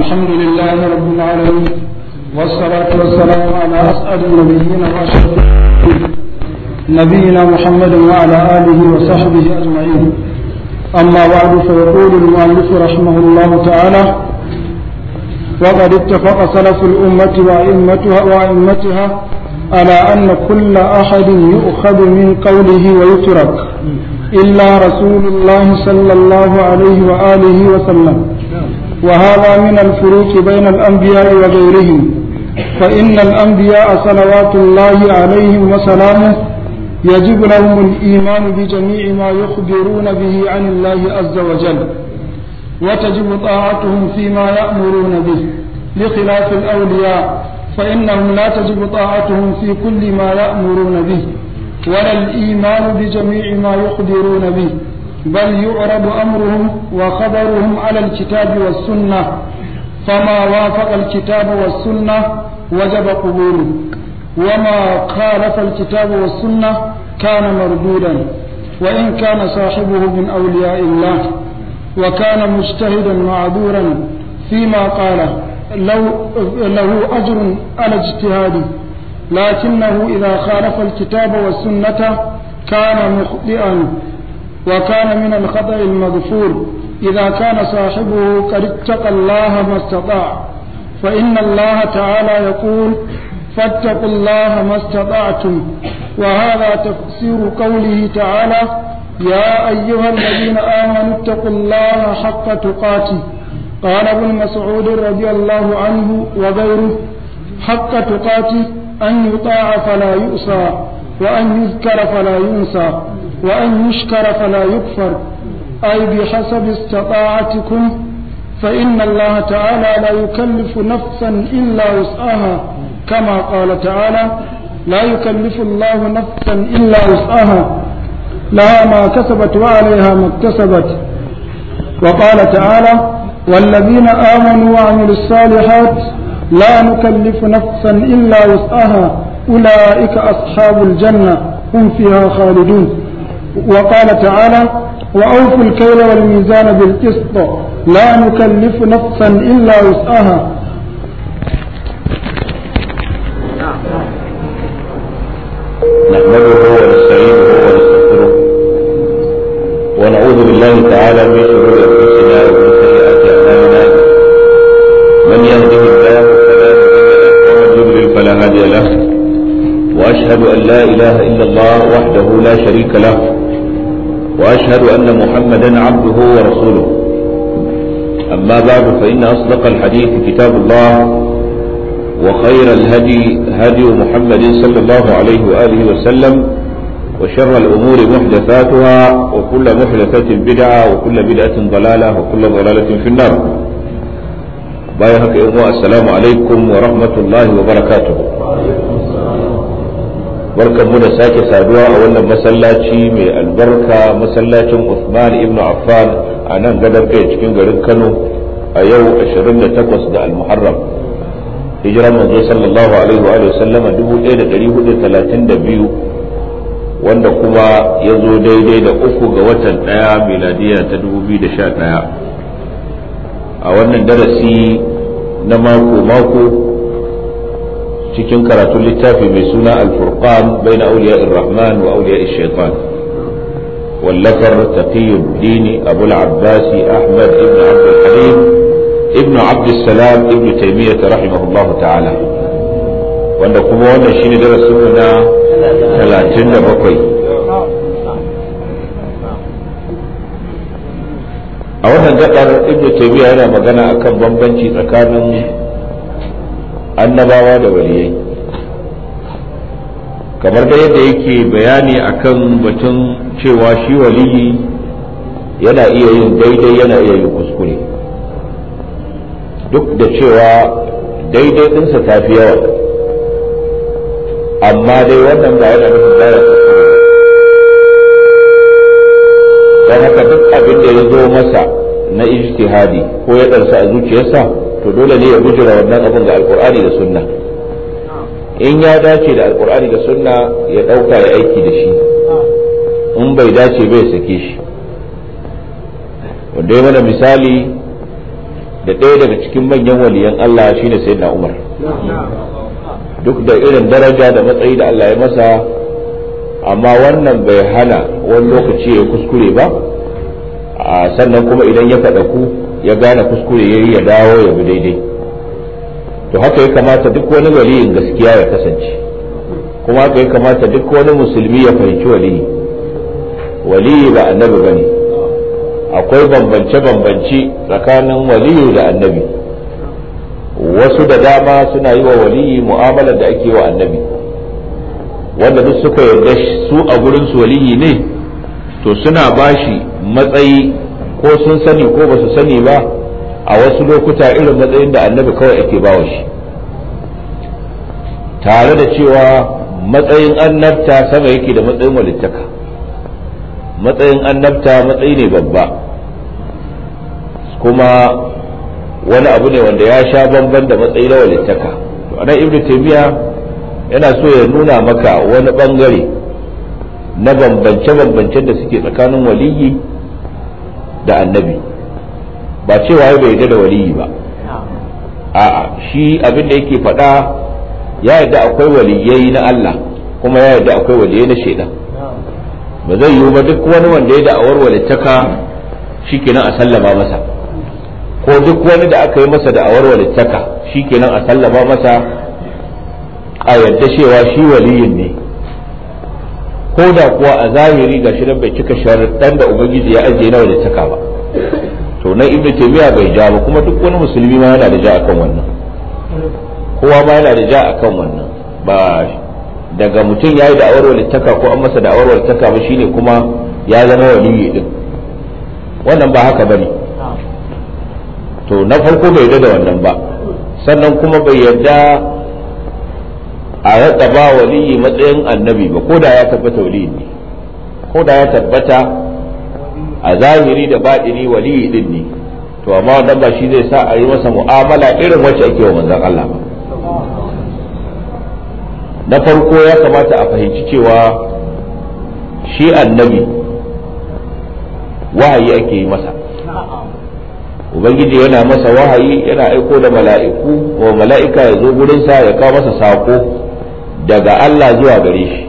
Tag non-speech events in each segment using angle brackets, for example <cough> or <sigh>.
الحمد لله رب العالمين والصلاة والسلام على أسأل النبيين وأشهد نبينا محمد وعلى آله وصحبه أجمعين أما بعد فيقول المؤلف رحمه الله تعالى وقد اتفق سلف الأمة وأئمتها وأئمتها على أن كل أحد يؤخذ من قوله ويترك إلا رسول الله صلى الله عليه وآله وسلم وهذا من الفروق بين الأنبياء وغيرهم فإن الأنبياء صلوات الله عليهم وسلامه يجب لهم الإيمان بجميع ما يخبرون به عن الله عز وجل وتجب طاعتهم فيما يأمرون به لخلاف الأولياء فإنهم لا تجب طاعتهم في كل ما يأمرون به ولا الإيمان بجميع ما يخبرون به بل يعرض أمرهم وخبرهم على الكتاب والسنة فما وافق الكتاب والسنة وجب قبوله وما خالف الكتاب والسنة كان مردودا وإن كان صاحبه من أولياء الله وكان مجتهدا معذورا فيما قاله لو له أجر على اجتهاده لكنه إذا خالف الكتاب والسنة كان مخطئا وكان من الخطأ المغفور إذا كان صاحبه قد اتقى الله ما استطاع فإن الله تعالى يقول فاتقوا الله ما استطعتم وهذا تفسير قوله تعالى يا أيها الذين آمنوا اتقوا الله حق تقاته قال ابن مسعود رضي الله عنه وغيره حق تقاته أن يطاع فلا يؤسى وأن يذكر فلا ينسى وأن يشكر فلا يكفر أي بحسب استطاعتكم فإن الله تعالى لا يكلف نفسا إلا وسعها كما قال تعالى لا يكلف الله نفسا إلا وسعها لها ما كسبت وعليها ما اكتسبت وقال تعالى والذين آمنوا وعملوا الصالحات لا نكلف نفسا إلا وسعها أولئك أصحاب الجنة هم فيها خالدون وقال تعالى وأوفوا الكيل والميزان بالقسط لا نكلف نفسا إلا وسعها نحمده ونستعينه ونستغفره ونعوذ بالله تعالى من شرور أنفسنا ومن سيئات أعمالنا من يهده الله فلا مضل له ومن يضلل فلا هادي له وأشهد أن لا إله إلا الله وحده لا شريك له وأشهد أن محمدا عبده ورسوله أما بعد فإن أصدق الحديث كتاب الله وخير الهدي هدي محمد صلى الله عليه وآله وسلم وشر الأمور محدثاتها وكل محدثة بدعة وكل بدعة ضلالة وكل ضلالة في النار بايهك إخوة السلام عليكم ورحمة الله وبركاته barkanmu da sake saduwa a wannan masallaci mai albarka masallacin Uthman ibn Affan a nan gadar kai cikin garin Kano a yau 28 da Al-Muharram hijiran manzo sallallahu alaihi wa sallama 1432 wanda kuma ya zo daidai da uku ga watan daya miladiya ta 2011 a wannan darasi na mako mako cikin karatun littafi mai suna alfurqan bai na auliya rahman wa auliya shaitan wallafar abu al abbasi ahmad ibn abd al-halim ibn abd salam ibn taymiyyah rahimahullah ta'ala wanda kuma wannan shine darasin mu na 37 a wannan gabar ibn taimiyya yana magana akan bambanci tsakanin annabawa da waliyai kamar da yadda yake bayani akan batun cewa shi waliyi yana iya yin daidai yana iya yin kuskure duk da cewa daidai ɗinsa ta fi yawa amma dai wannan ba yana nufin baya kuskure don haka duk abin da ya zo masa na ijtihadi ko ya ɗarsa a zuciyarsa to dole ne ya bujura wannan abin da alkur'ani da sunna in ya dace da alkur'ani da sunna ya ɗauka ya aiki da shi in bai dace bai sake shi wanda ya mana misali da ɗaya daga cikin manyan waliyan Allah shine sayyidina Umar duk da irin daraja da matsayi da Allah ya masa amma wannan bai hana wani lokaci ya kuskure ba sannan kuma idan ya faɗa ku ya gane kuskure yayi ya dawo ya bi daidai to haka ya kamata duk wani waliyin gaskiya ya kasance kuma haka ya kamata duk wani musulmi ya fahimci waliyi waliyi ba annabi bane akwai bambance-bambance tsakanin waliyu da annabi wasu da dama suna yi wa waliyi mu'amalar da ake wa annabi wanda duk suka yarda su a gurin su waliyi ne to suna bashi matsayi ko sun sani ko ba su sani ba a wasu lokuta irin matsayin da annabi kawai ake bawa shi tare da cewa matsayin annabta sama yake da matsayin walittaka matsayin annabta matsayi ne babba kuma wani abu ne wanda ya sha bamban da matsayi na walittaka to anan ibnu taymiya yana so ya nuna maka wani bangare na bambance-bambancen da suke tsakanin waliyi da annabi ba cewa bai yarda da waliyi ba a'a shi abin da yake faɗa ya yarda akwai waliyai na Allah kuma ya yarda akwai waliyai na shaidan ba zai yiwu ba duk wani wanda ya da'awar walittaka shikenan a sallama masa ko duk wani da aka yi masa da'awar walittaka shikenan a sallama masa a yarda cewa shi waliyin ne ko da kuwa a zahiri ga shi bai cika sharaɗan da ubangiji ya ajiye na wajen taka ba to nan ibnu taymiya bai ja ba kuma duk wani musulmi ma yana da ja akan wannan kowa ma yana da ja akan wannan ba daga mutum yayi da awar walittaka ko an masa da awar walittaka ba shine kuma ya zama waliyi din wannan ba haka bane to na farko bai yarda da wannan ba sannan kuma bai yarda a yadda ba waliyi matsayin annabi ba ko da ya tabbata waliyi ne ko da ya tabbata a zahiri da baɗini waliyi din ne to amma wannan ba shi zai sa a yi masa mu'amala irin wacce ake wa manzan Allah ba na farko ya kamata a fahimci cewa shi annabi wahayi ake yi masa ubangiji yana masa wahayi yana aiko da mala'iku wa mala'ika ya zo gurinsa ya kawo masa sako daga Allah zuwa gare shi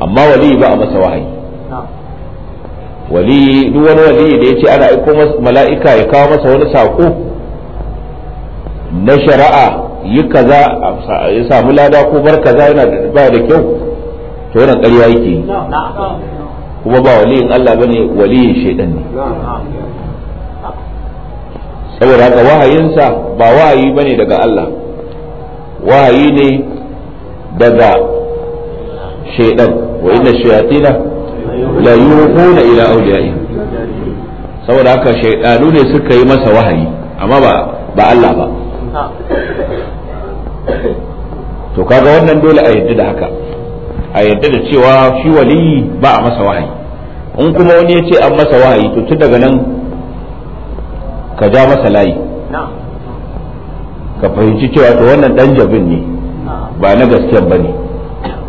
amma wali ba a masa wahayi wali duk wani wali da ya ce ana aiko mala'ika ya kawo masa wani saƙo na shari'a yi kaza ya samu lada ko bar kaza yana da ba da kyau to wannan ƙarya yake yi kuma ba waliyin Allah bane waliyin shaidan ne saboda haka wahayinsa ba wahayi bane daga Allah wahayi ne daga shaidan wa inna shayatina la yuquna ila awliyai saboda haka shaidanu ne suka yi masa wahayi amma ba ba Allah ba to kaga wannan dole a yadda da haka a yadda da cewa shi wali ba a masa wahayi in kuma wani ya ce an masa wahayi to tun daga nan ka ja masa layi ka fahimci cewa to wannan dan jabin ne ba na gaskiya ba ne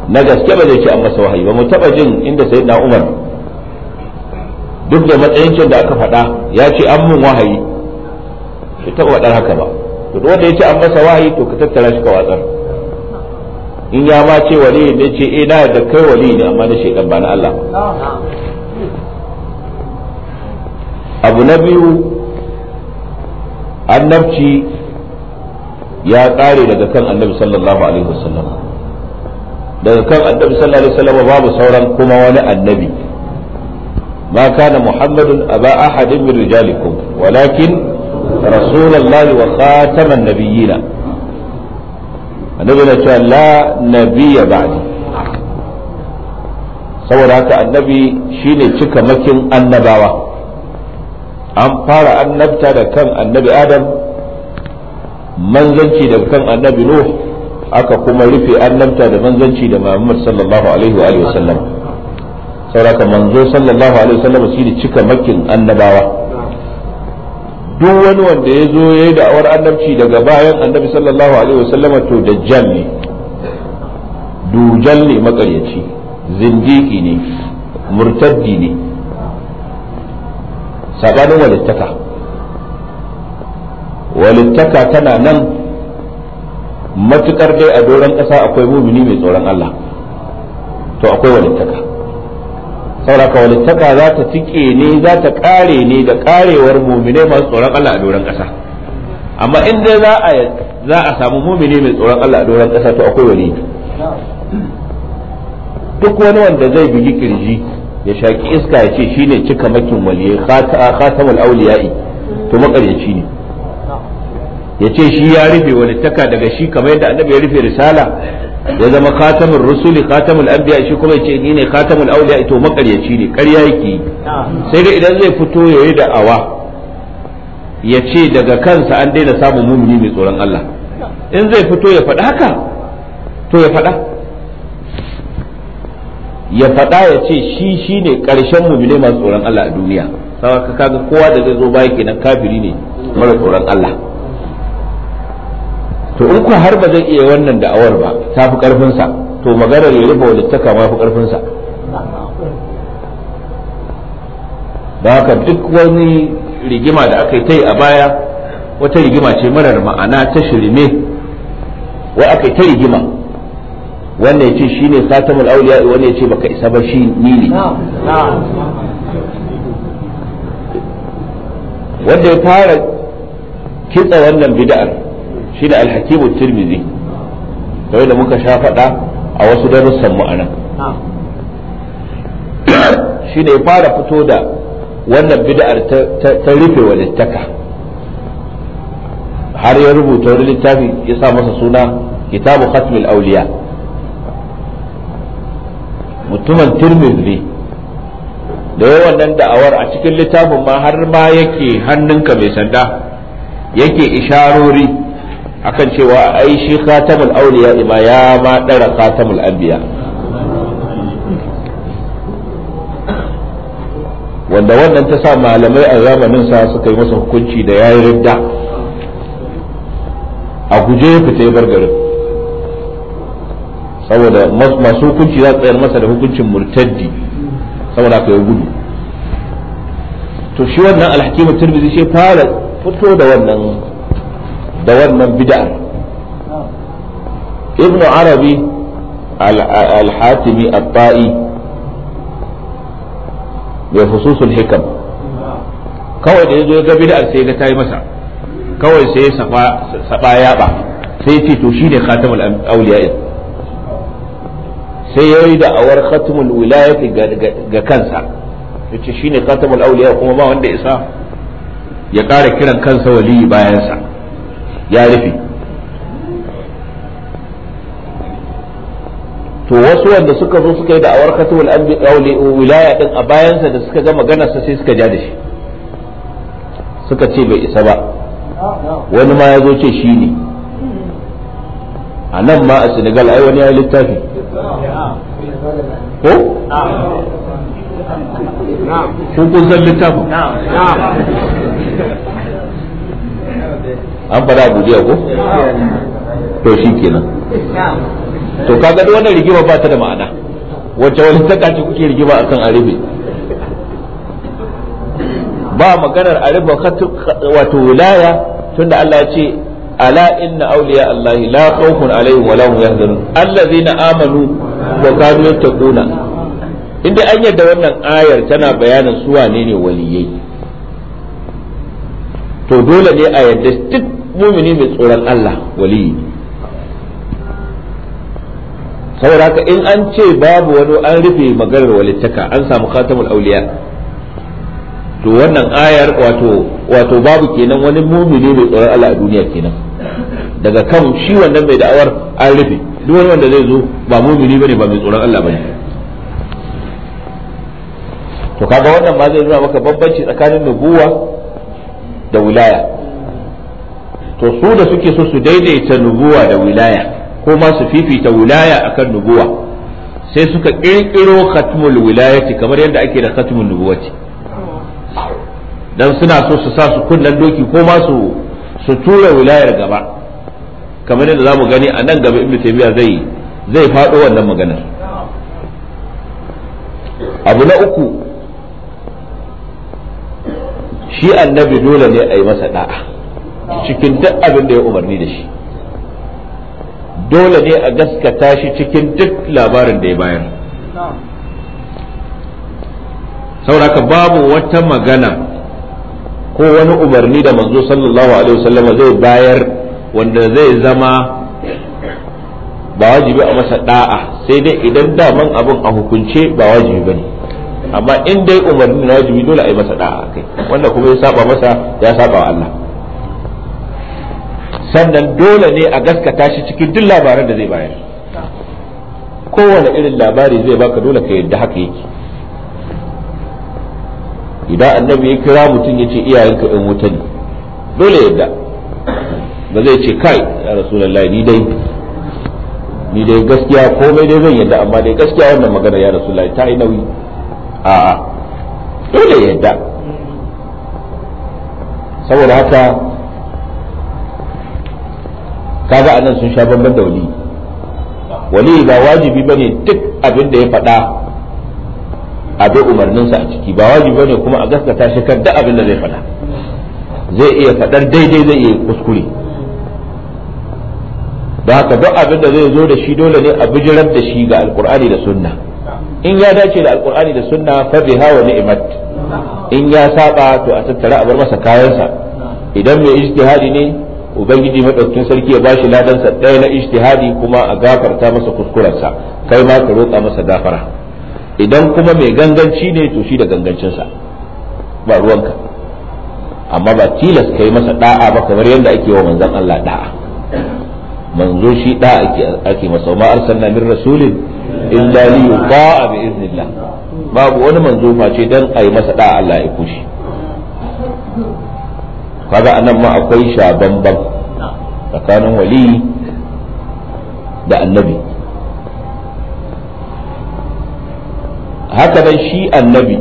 na gaske ba zai ce an masa wahayi ba mu taba jin inda sai na umar duk da matsayin da aka faɗa ya ce an mun wahayi bai taba wadar haka ba to wanda ya ce an masa wahayi to ka tattara shi ka watsar in ya ma ce wali ne ce eh na da kai wali ne amma na shaidan ba na Allah abu na biyu annabci ya ƙare daga kan annabi sallallahu alaihi wasallam daga kan annabi sallallahu alaihi wasallam babu sauran kuma wani annabi ما كان محمد أبا أحد من رجالكم ولكن رسول الله وخاتم النبيين النبي لا نبي بعدي saboda haka annabi shine cika makin annabawa an fara annabta da kan annabi adam manzanci da kan annabi nuh aka kuma rufe annabta da manzanci da muhammad sallallahu alaihi wa alihi wasallam sauraka manzo sallallahu alaihi wasallam shi ne cika makin annabawa duk wani wanda ya zo ya yi da'awar annabci daga bayan annabi sallallahu alaihi wasallam to dajjal ne dujal ne makaryaci zindiki ne murtaddi ne sabanin walittaka walittaka tana nan matukar dai a doron ƙasa akwai mumini mai tsoron Allah to akwai walittaka saboda walittaka za ta tike ne za ta kare ne da karewar mumine masu tsoron Allah a doron ƙasa amma in dai za a za a samu mumini mai tsoron Allah a doron ƙasa to akwai wani duk wani wanda zai bugi kirji ya shaki iska ya ce shine cika makin waliyai khatamul awliya'i to makaryaci ne yace shi ya rufe wani taka daga shi kamar yadda annabi ya rufe risala ya zama khatamul rusuli khatamul anbiya shi kuma ya ce ni ne khatamul auliya to makaryaci ne ƙarya yake sai dai idan zai fito ya yi da'awa ya ce daga kansa an daina samun mumini mai tsoron Allah in zai fito ya faɗa haka to ya faɗa ya faɗa ya ce shi shi ne ƙarshen mumini masu tsoron Allah a duniya sawa kaga kowa da zai zo baya kenan kafiri ne mara tsoron Allah to in ku har ba zan iya wannan da'awar ba ta fi karfinsa to maganar ya rufe walittaka ma fi karfinsa da haka duk wani rigima da aka yi ta yi a baya wata rigima ce marar ma'ana ta shirme wai aka yi ta rigima wannan ya ce shi ne satamul auliya wanda ya ce baka isa ba shi ni ne wanda ya fara kitsa wannan bida'ar. shine al-hakimu tirmidhi kamar da muka sha faɗa a wasu darussan mu anan <coughs> shine ya fara fito da wannan bid'ar ta rufe walittaka har ya rubuta wani littafi ya sa masa suna kitabu khatmil auliya mutumin tirmidhi da yawan nan da'awar a cikin littafin ma har ma yake hannunka mai sanda yake isharori akan cewa ai shi khatamul awliya ima ya ma dara khatamul anbiya wanda wannan ta sa malamai a zamanin sa suka yi masa hukunci da yayi ridda a guje ya fita ya bar garin saboda masu hukunci za su tsayar masa da hukuncin murtaddi saboda aka yi gudu to shi wannan alhakimu turbi zai fara fito da wannan da wannan bid'ar ibnu arabi al-hatimi al-ta'i bai fususul hikam kawai da ya ga bid'ar sai ga tayi masa kawai sai ya saba yaba sai ce to khatamul awliya sai ya yi da'awar khatamul ga kansa yace shine khatamul awliya kuma ba wanda isa ya ƙara kiran kansa waliyi bayansa ya rufe to wasu wanda suka zo suka yi da'awar katawul anbiya wilaya din a bayansa da suka ga sa sai suka ja da shi suka ce bai isa ba wani ma ya zo ce shi ne a nan ma a senegal ai wani ya littafi ko kun kun san littafin an fara abu jiya ko to shi kenan to kaga duk wannan rigima ba ta da ma'ana wacce wani ta kace kuke rigima akan aribe ba maganar aribe wato wilaya tunda Allah ya ce ala inna awliya Allah la khawfun alaihim wa la hum yahzanun allazina amanu wa kanu yattaquna inda an yadda wannan ayar tana bayanin su wane ne waliyai to dole ne a yadda duk mumini mai tsoron Allah wali. saboda haka in an ce babu wani an rufe maganar walittaka an samu khatamul auliya to wannan ayar wato wato babu kenan wani mumini mai tsoron Allah a duniya kenan daga kan shi wannan mai da'awar an rufe duk wani wanda zai zo ba mumini bane ba mai tsoron Allah bane to kaga wannan ma zai nuna maka bambanci tsakanin nubuwa da wilaya to su da suke so su daidaita nubuwa da wilaya ko ma su fifita wilaya akan nubuwa sai suka kirkiro khatmul wilayati kamar yadda ake da khatmul nubuwati dan suna so su sa su kunnan doki ko ma su su tura wilayar gaba kamar yadda zamu gani a nan gaba ibnu taymiya zai zai fado wannan maganar abu na uku shi annabi dole ne a yi masa da'a cikin duk abin da ya umarni da shi dole ne a gaskata shi cikin duk labarin da ya bayar sauraka babu wata magana ko wani umarni da manzo sallallahu alaihi wasallam zai bayar wanda zai zama ba wajibi a masa da'a sai dai idan daman abin a hukunce ba wajibi bane amma in dai umarni na wajibi dole a yi masa da'a kai wanda kuma ya saba masa ya saba wa Allah sannan dole ne a gaskata shi cikin duk labaran da zai bayar kowane irin labari zai baka dole ka yadda haka yake idan annabi ya kira mutum ya ce iyayenka in wuta ne dole yadda ba zai ce kai ya rasulullahi ni dai ni dai gaskiya komai dai zan yadda amma dai gaskiya wannan magana ya lallai ta yi nauyi a'a dole yadda saboda haka kaga anan sun sha bamban da wali wali ba wajibi bane duk abin da ya faɗa a bi umarninsa a ciki ba wajibi bane kuma a gaskata shi kan duk abin da zai faɗa zai iya faɗar daidai zai iya kuskure da haka duk abin da zai zo da shi dole ne a bijirar da shi ga alkur'ani da sunna in ya dace da alkur'ani da sunna fa bi hawa ni'mat in ya saba to a tattara a bar masa kayansa idan mai ijtihadi ne ubangiji madaukakin sarki ya bashi ladansa ɗaya na ijtihadi kuma a gafarta masa kuskurensa kai ma ka roƙa masa gafara idan kuma mai ganganci ne to shi da gangancinsa ba ruwanka amma ba tilas kai masa da'a ba kamar yadda ake wa manzon Allah da'a manzo shi da'a ake masa ma arsalna min rasulin illa li yuqa bi iznillah babu wani manzo face dan yi masa da'a Allah ya kushi kaga anan ma akwai shabanban tsakanin wali da annabi haka nan shi annabi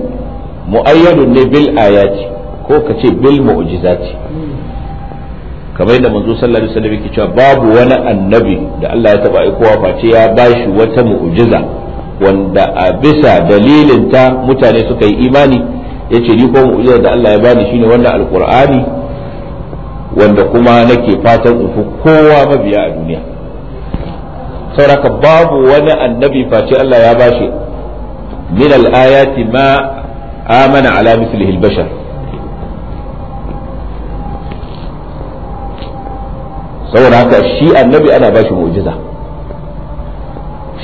mu'ayyadun ne bil ayati ko ka ce bil mu'jizati kamar yadda manzo sallallahu alaihi wasallam yake cewa babu wani annabi da Allah ya taba aikowa face ya bashi wata mu'jiza wanda a bisa dalilin ta mutane suka yi imani yace ni ko mu'ujiza da Allah ya bani shine wannan alqur'ani wanda kuma nake fatan in fi kowa mabiya a duniya sauraka babu wani annabi face Allah ya bashi min al-ayati ma amana ala mislihi al-bashar saboda haka shi annabi ana bashi mu'jiza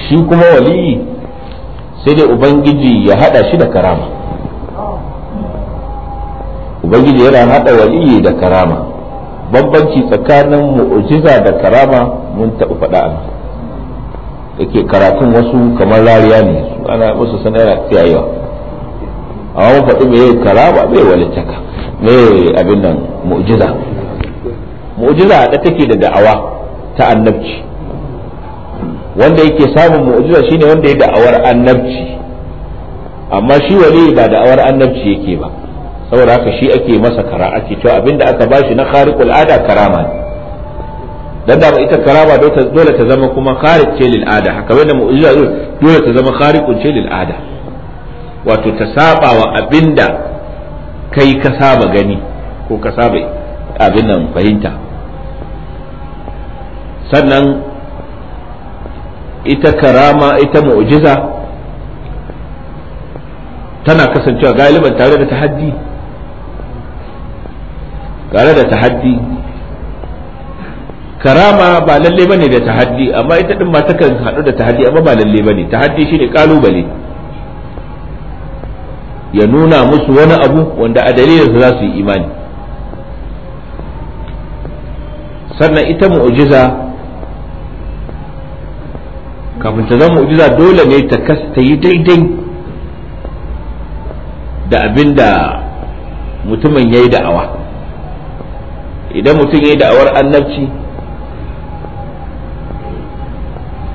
shi kuma wali sai dai ubangiji ya hada shi da karama ubangiji yana hada waliyi da karama bambanci tsakanin mu'jiza da karama mun taɓa faɗa a da ke karatun wasu kamar rariya ne su ana musu yana tsiyayewa amma mun faɗi mai karama mai walittaka mai abin nan mu'jiza mu'jiza da take da da'awa ta annabci wanda yake samun mu'jiza shine wanda ya da'awar annabci amma shi wali ba da'awar annabci yake ba saboda haka shi ake masa kara ake cewa abinda aka bashi na khariqul ada karama ne dan da ita karama dole ta zama kuma khariq ce lil ada haka wanda mu'jiza dole ta zama khariqun ce lil ada wato ta saba wa abinda kai ka saba gani ko ka saba abin nan fahimta sannan ita karama ita mu'jiza tana kasancewa galiban tare da tahaddi tare da tahaddi karama ba lalle bane da tahaddi amma ita din ma takan hadu da tahaddi amma ba lalle bane tahaddi shine kalubale ya nuna musu wani abu wanda a dalilin za su yi imani sannan ita mu'jiza kafin ta zama mu'jiza dole ne ta kasta yi daidai da abin da mutumin ya yi da'awa idan mutum ya yi da'awar annabci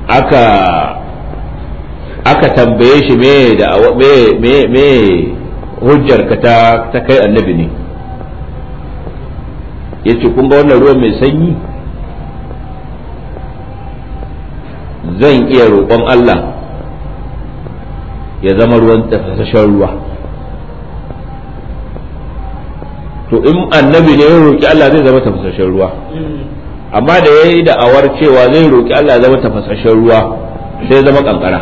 aka aka tambaye shi me da me me hujjar ka ta ta kai annabi ne yace kun ga wannan ruwan mai sanyi zan iya roƙon Allah ya zama ruwan tafasashen ruwa to in annabi ne ya roƙi Allah zai zama tafasashen ruwa amma da ya yi da'awar cewa zai roƙi Allah zama tafasashen ruwa sai zama kankara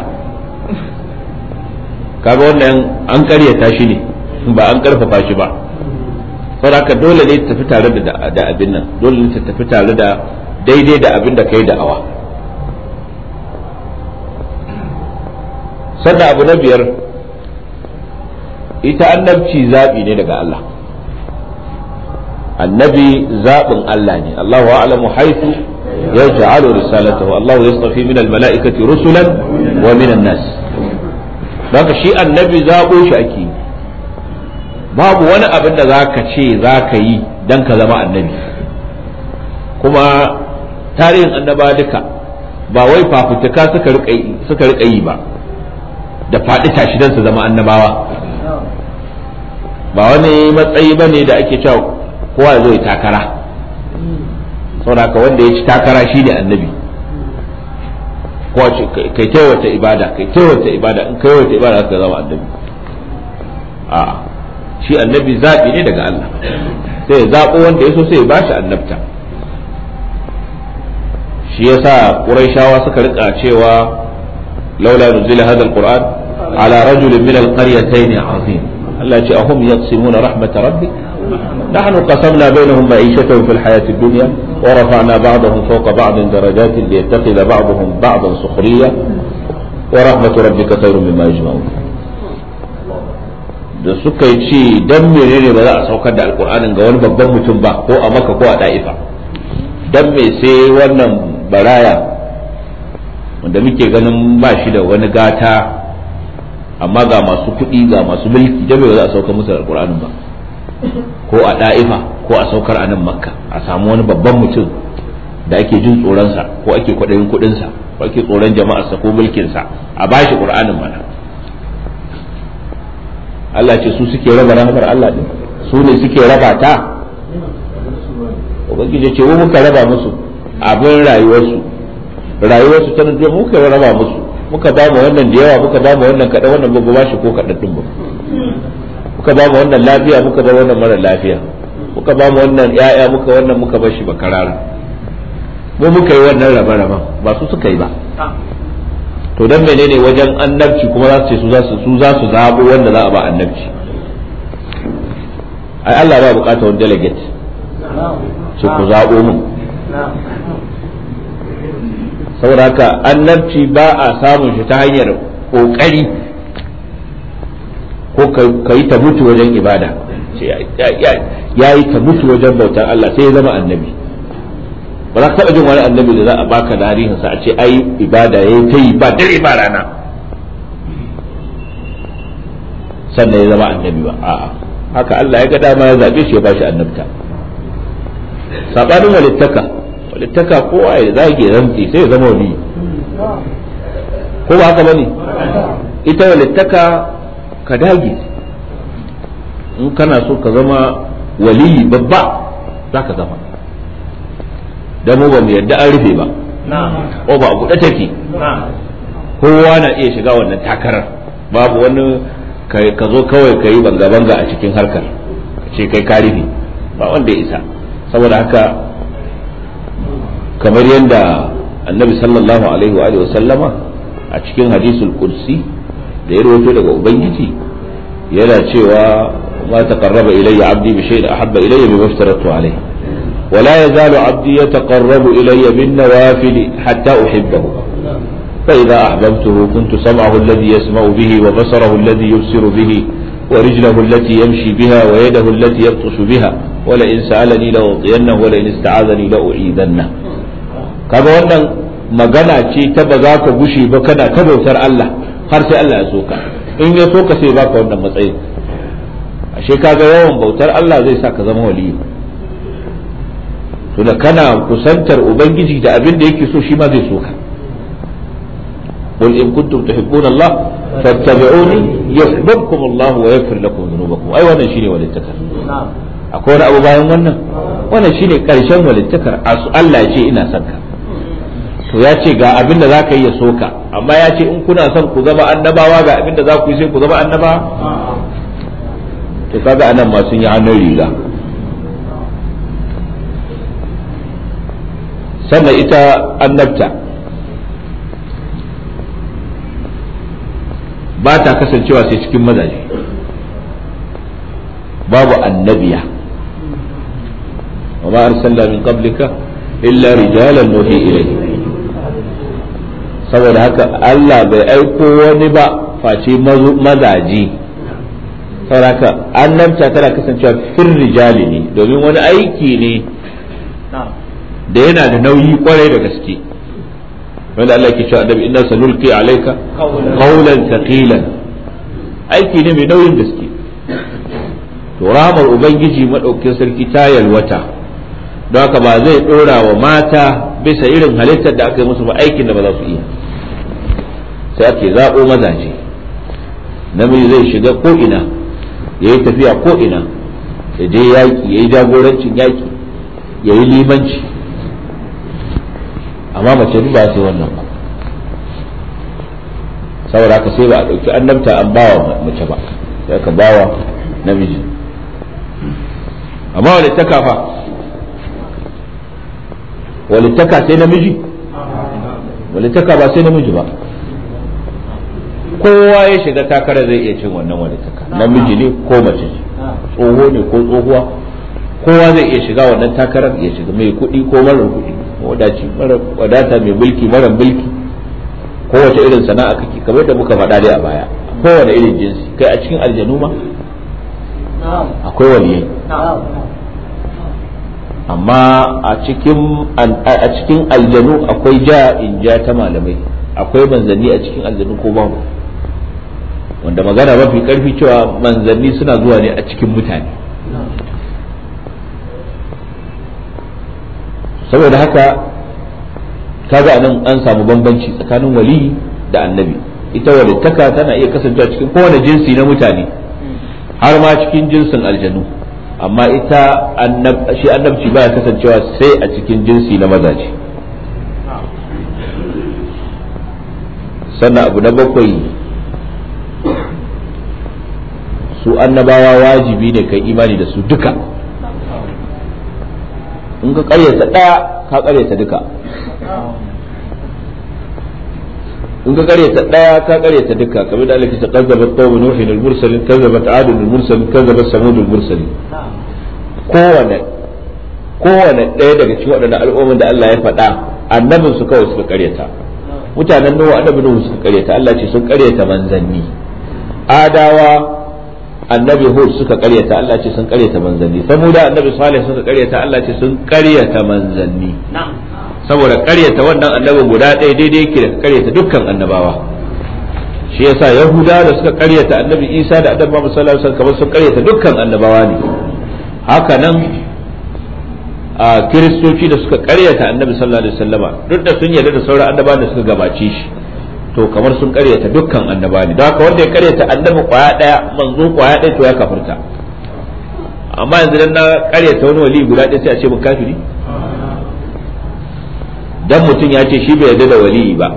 kaga wannan an karyata shi ne ba an karfafa shi ba saboda dole ne ta tafi tare da abin nan dole ne ta tafi tare da daidai da abin da kai da'awa sannan abu na biyar ita annabci zaɓi ne daga Allah annabi zaɓin Allah ne Allahu a'lamu haythu yaj'alu risalatahu Allahu yastafi min almala'ikati rusulan wa min an-nas haka shi annabi zaɓo shi ake babu wani abin da zaka ce zaka yi dan ka zama annabi kuma tarihin annabawa duka ba wai fafutuka suka rika yi ba da faɗi tashi dan su zama annabawa ba wani matsayi bane da ake cewa kowa ya zo ya takara saboda haka wanda ya ci takara shi ne annabi kowace kai ta wata ibada kai ta wata ibada in kai wata ibada ka zama annabi a shi annabi zaɓi ne daga Allah sai zaɓo wanda ya so sai ba shi annabta shi ya yasa quraishawa suka rika cewa laula nuzila hadha alquran ala rajulin min alqaryatayn azim Allah ya ce ahum yaqsimuna rahmat rabbik نحن قسمنا بينهم معيشتهم في الحياة الدنيا ورفعنا بعضهم فوق بعض درجات ليتخذ بعضهم بعضا سخرية ورحمة ربك خير مما يجمعون da suka ce dan menene ba za a saukar da alkur'anin ga wani babban mutum ba ko a maka ko a da'ifa dan me sai wannan baraya wanda muke ganin ba shi da wani gata amma ga masu kuɗi ga masu mulki dan me ba za a saukar musu da alkur'anin ba ko a da'ifa ko a saukar a nan makka a samu wani babban mutum da ake jin tsoronsa ko ake kwaɗayin kuɗinsa ko ake tsoron jama'arsa ko mulkinsa a bashi ƙur'anin mana Allah ce su suke raba rahamar Allah din su ne suke raba ta ubangiji ce mu muka raba musu abin rayuwarsu rayuwarsu ta nan muka raba musu muka ba mu wannan da yawa muka ba mu wannan kaɗan wannan ba ba shi ko kaɗan ɗin ba muka ba mu wannan lafiya muka bar wannan mara lafiya muka ba mu wannan yaya muka wannan muka bashi ba karara mu muka yi wannan raba raba ba su suka yi ba to dan menene wajen annabci kuma za su ce su za su su za su zabo wanda za a ba annabci ai Allah ba bukata wani delegate su ku zabo mu saboda haka annabci ba a samun shi ta hanyar kokari ko ka yi ta mutu wajen ibada ya yi ta mutu wajen bautar Allah sai ya zama annabi ba za ka taɓa jin wani annabi da za a baka tarihinsa a ce ai ibada ya yi ta yi ba dare ba rana sannan ya zama annabi ba a'a haka Allah ya ga dama ya zaɓe shi ya ba shi annabta saɓanin walittaka walittaka kowa ya zage rantsi sai ya zama wani. ko ba haka bane ita walittaka ka dage in kana so ka zama waliyi babba za ka zama da mu ba mu yadda an rufe ba ko ba a buɗe take kowa na iya shiga wannan takarar babu wani ka zo kawai ka yi banga-banga a cikin harkar ka ce kai ka rufe ba wanda ya isa saboda haka kamar yadda annabi sallallahu alaihi wa sallama a cikin hadisul kursi da ya rawaito daga ubangiji yana cewa ma taqarraba ilayya abdi bi shay'in ahabba ilayya mimma aftaratu alayhi ولا يزال عبدي يتقرب إلي بالنوافل حتى أحبه فإذا أحببته كنت سمعه الذي يسمع به وبصره الذي يبصر به ورجله التي يمشي بها ويده التي يبطش بها ولئن سألني لأعطينه ولئن استعاذني لأعيذنه كما wannan magana ce ta ba za ka gushe ba kana ta bautar Allah har sai Allah ya soka in ya soka sai baka wannan matsayin ashe kaga yawan bautar Allah zai sa ka zama waliyi to da kana kusantar ubangiji da abin da yake so shi ma zai soka قل إن كنتم تحبون الله فاتبعوني يحببكم الله ويغفر لكم ذنوبكم أي wannan shine walittakar akwai wani abu bayan wannan wannan shine karshen walittakar Allah ya ce ina son ka to ya ce ga abin da zaka iya soka amma ya ce in kuna son ku zama annabawa ga abinda za ku yi sai ku zama annabawa to kaga anan ma sun yi hannun riga sannan ita annabta ba ta kasancewa sai cikin mazaje babu annabiya wa ba arsalna min qablika illa rijalan nuhi ilayhi saboda haka Allah bai aiko wani ba face mazaji saboda haka annabta tana kasancewa fir rijali ne domin wani aiki ne da yana da nauyi kwarai da gaske wanda Allah ke cewa annabi inna sanulqi alayka qawlan thaqilan aiki ne mai nauyin gaske to ramar ubangiji madaukin sarki ta yalwata don haka ba zai dora wa mata bisa irin halittar da aka yi musu ba aikin da ba za su iya sai ake zaɓo mazaje namiji zai shiga ko ina ya yi tafiya ko ina ya je yaƙi ya yi jagorancin yaƙi ya yi limanci amma mace ba sai wannan ba saboda haka sai ba a ɗauki annabta an bawa mace ba sai aka bawa namiji amma wani taka fa wani taka sai namiji wani taka ba sai namiji ba kowa ya shiga takara zai iya cin wannan walitaka namiji ne ko mace ce tsoho ne ko tsohuwa kowa zai iya shiga wannan takarar ya shiga mai kuɗi ko marar kuɗi wadaci wadata mai mulki marar mulki kowace irin sana'a kake kamar da muka faɗa dai a baya kowane irin jinsi kai a cikin aljanu ma akwai waliyai amma a cikin aljanu akwai ja in ja ta malamai akwai manzanni a cikin aljanu ko babu wanda magana mafi karfi cewa manzanni suna zuwa ne a cikin mutane saboda haka kaga nan an samu bambanci tsakanin wali da annabi ita walittaka tana iya kasancewa cikin kowane jinsi na mutane har ma cikin jinsin aljanu amma ita shi annabci ba ya kasancewa sai a cikin jinsi na mazaje. sannan abu na bakwai su annabawa wajibi ne kai imani da su duka in ka karyata ɗaya ka karyata duka in ka karyata ɗaya ka karyata duka kamar da alaka ta kazzaba tawbu nuhi al-mursalin kazzaba ta'adul al-mursalin kazzaba samud al-mursalin kowane kowane ɗaya daga cikin waɗannan al'umman da Allah ya faɗa annabinsu kawai suka karyata mutanen nuhu annabi nuhu sun karyata Allah ce sun karyata manzanni adawa annabi hud suka karyata Allah ce sun karyata manzanni saboda annabi salih suka karyata Allah ce sun karyata manzanni saboda karyata wannan annabi guda ɗaya daidai yake da karyata dukkan annabawa shi yasa yahuda da suka karyata annabi isa da adam ba sallallahu sun kamar sun karyata dukkan annabawa ne haka nan a kiristoci da suka karyata annabi sallallahu alaihi wasallama duk da sun yarda da sauran annabawan da suka gabace shi to kamar sun karyata dukkan annaba ne don haka wanda ya karyata annabi kwaya daya manzo kwaya daya to ya kafirta amma yanzu dan na karyata wani wali guda ɗaya sai a ce mun kafiri dan mutum ya ce shi bai yarda da wali ba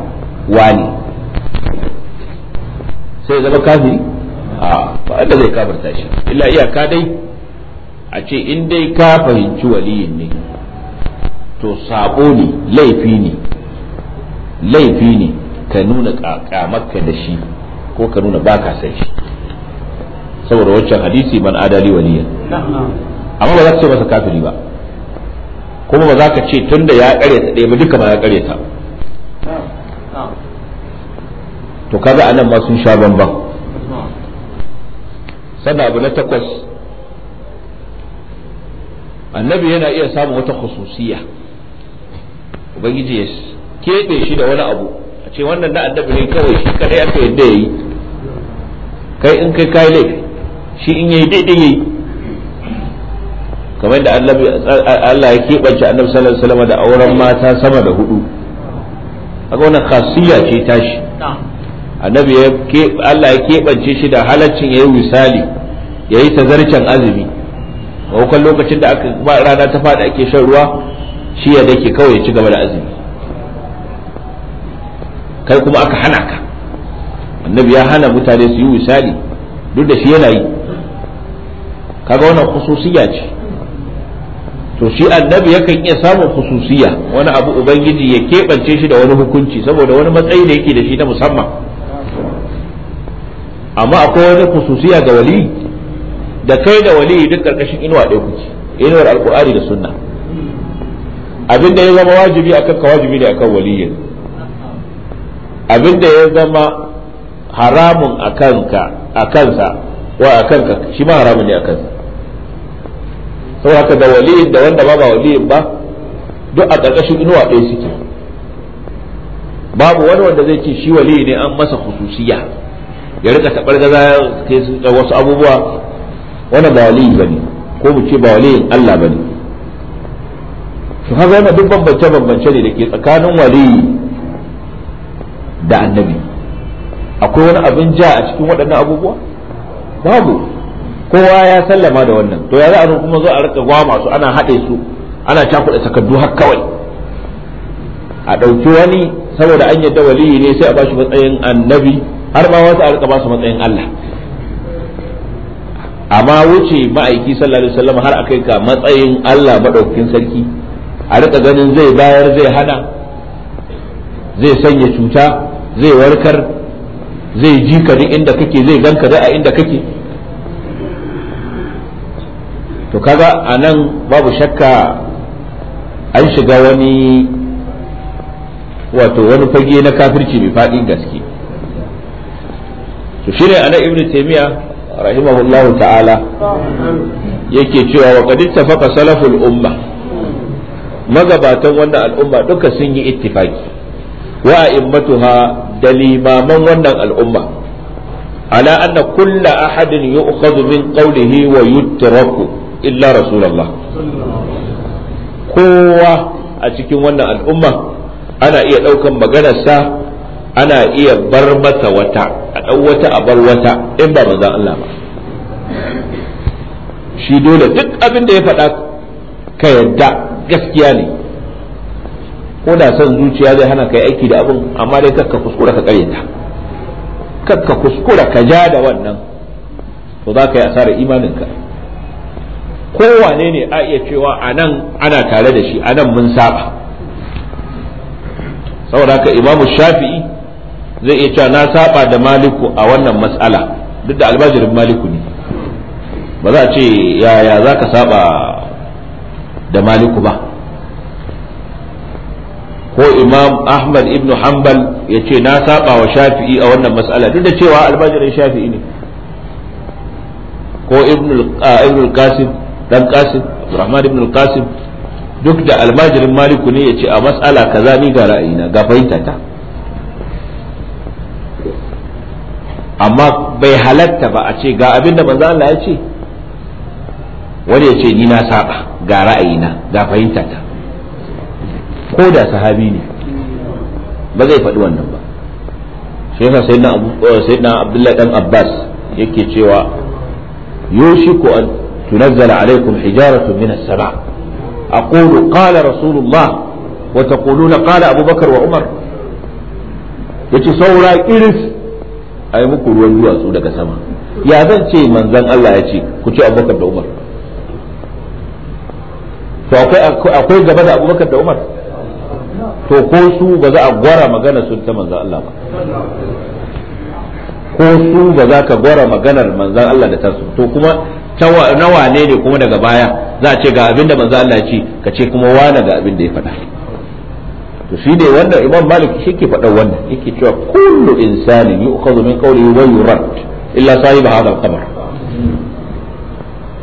wani sai zama kafiri a ba zai kafirta shi illa iyaka dai a ce in dai ka fahimci waliyin ne to sabo ne laifi ne laifi ne ka nuna kamarka da shi ko ka nuna baka san shi saboda wancan hadisi man adali waliyan amma ba za ka ce masa kafiri ba kuma ba za ka ce tun da ya karyata ɗaya ba duka ba ya karyata to kaga anan ma sun sha bamban sannan abu na takwas annabi yana iya samun wata khususiya ubangiji ya keɓe shi da wani abu a ce wannan na annabi ne kawai shi kada ya fi yadda ya yi kai in kai kai laifi shi in yayi daidai yayi kamar da Allah ya keɓance annabi sallallahu alaihi wasallam da auren mata sama da hudu kaga wannan khasiyya ce tashi annabi ya Allah ya keɓance shi da halaccin yayi misali yayi tazarcen azumi maimakon lokacin da aka ba rana ta faɗi ake shan ruwa shi ya dake kawai ya ci gaba da azumi kai kuma aka hana ka annabi ya hana mutane su yi misali duk da shi yana yi kaga wannan khususiyya ce to shi annabi yakan iya samun khususiyya wani abu ubangiji ya keɓance shi da wani hukunci saboda wani matsayi da yake da shi na musamman amma akwai wani khususiyya ga wali da kai da wali duk karkashin inuwa ɗaya kuke inuwar alkur'ani da sunna abin da ya zama wajibi akan ka wajibi ne akan waliyin abin da ya zama haramun a kansa wa a kanka shi ma haramun ne a kansa sau haka da waliyin da wanda ba ba waliyin ba duk a ƙarƙashin inuwa ɗaya suke babu wani wanda zai ce shi waliyi ne an masa hususiya ya rika taɓar gaza kai da wasu abubuwa wani ba waliyi bane ko mu ce ba waliyin Allah bane su haza yana duk bambance bambance ne da ke tsakanin waliyi da annabi akwai wani abin ja a cikin waɗannan abubuwa babu kowa ya sallama da wannan to ya za a kuma zo a rika gwa masu ana haɗe su ana cakuɗa takardu har kawai a ɗauki wani saboda an yadda waliyi ne sai a ba shi matsayin annabi har ma wasu a rika ba su matsayin Allah amma wuce ma'aiki sallallahu alaihi wasallam har akai ka matsayin Allah madaukakin sarki a rika ganin zai bayar zai hana zai sanya cuta zai warkar zai ji ka duk inda kake zai ka da a inda kake to kaga nan babu shakka an shiga wani wato wani fage na kafirci mai faɗin gaske to a nan ibnu taymiya rahimahullahu ta'ala yake cewa wa qad ittafaqa salaful umma magabatan wannan al'umma duka sun yi ittifaki wa immatuha da limaman wannan al'umma ala anna kulla ahadin yu'khadhu min qawlihi wa yutraku illa rasulullah kowa a cikin wannan al'umma ana iya ɗaukan sa ana iya bar masa wata a ɗan wata a bar wata in ba manzan Allah ba shi dole duk abin da ya faɗa ka yadda gaskiya ne ko da son zuciya zai hana kai aiki da abin amma dai kakka kuskura ka karyata kakka kuskura ka ja da wannan to za ka yi asarar imaninka kowane ne a iya cewa a nan ana tare da shi a nan mun saba saboda haka imamu shafi'i zai iya cewa na saba da maliku a wannan mas'ala duk da albajirin maliku ne ba za a ce yaya za ka saba da maliku ba ko imam ahmad ibn hanbal ya ce na saba wa shafi'i a wannan mas'ala duk da cewa albajirin shafi'i ne ko ibn al-qasim dan qasim rahman ibn al-qasim duk da almajirin maliku ne ya ce a mas'ala kaza ni ga ra'ayina ga fahimta ta amma bai halatta ba a ce ga abin da manzo Allah ya ce wani ya ce ni na saba ga ra'ayina ga fahimtata ko da sahabi ne ba zai faɗi wannan ba shi yasa sayyidina eh, Abdullahi dan Abbas yake cewa yushiku an tunazzala alaikum hijaratun min as-sama aqulu qala rasulullah wa taquluna qala abubakar wa umar yace saura iris ai muku ruwan duwatsu daga sama ya zan ce manzan Allah ya ce ku ci abubakar da umar to akwai gaba da abubakar da umar to ko su ba za a gwara magana sun ta manzan Allah ba ko su ba za ka gwara maganar manzan Allah da tasu to kuma nawa ne ne kuma daga baya za a ce ga abin da manzan Allah ya ce ka ce kuma wane ga abin da ya faɗa to shi ne wannan imam malik shi ke faɗa wannan yake cewa kullu insanin yu'khadhu min qawlihi wa yurad illa sahib hadha al-qabr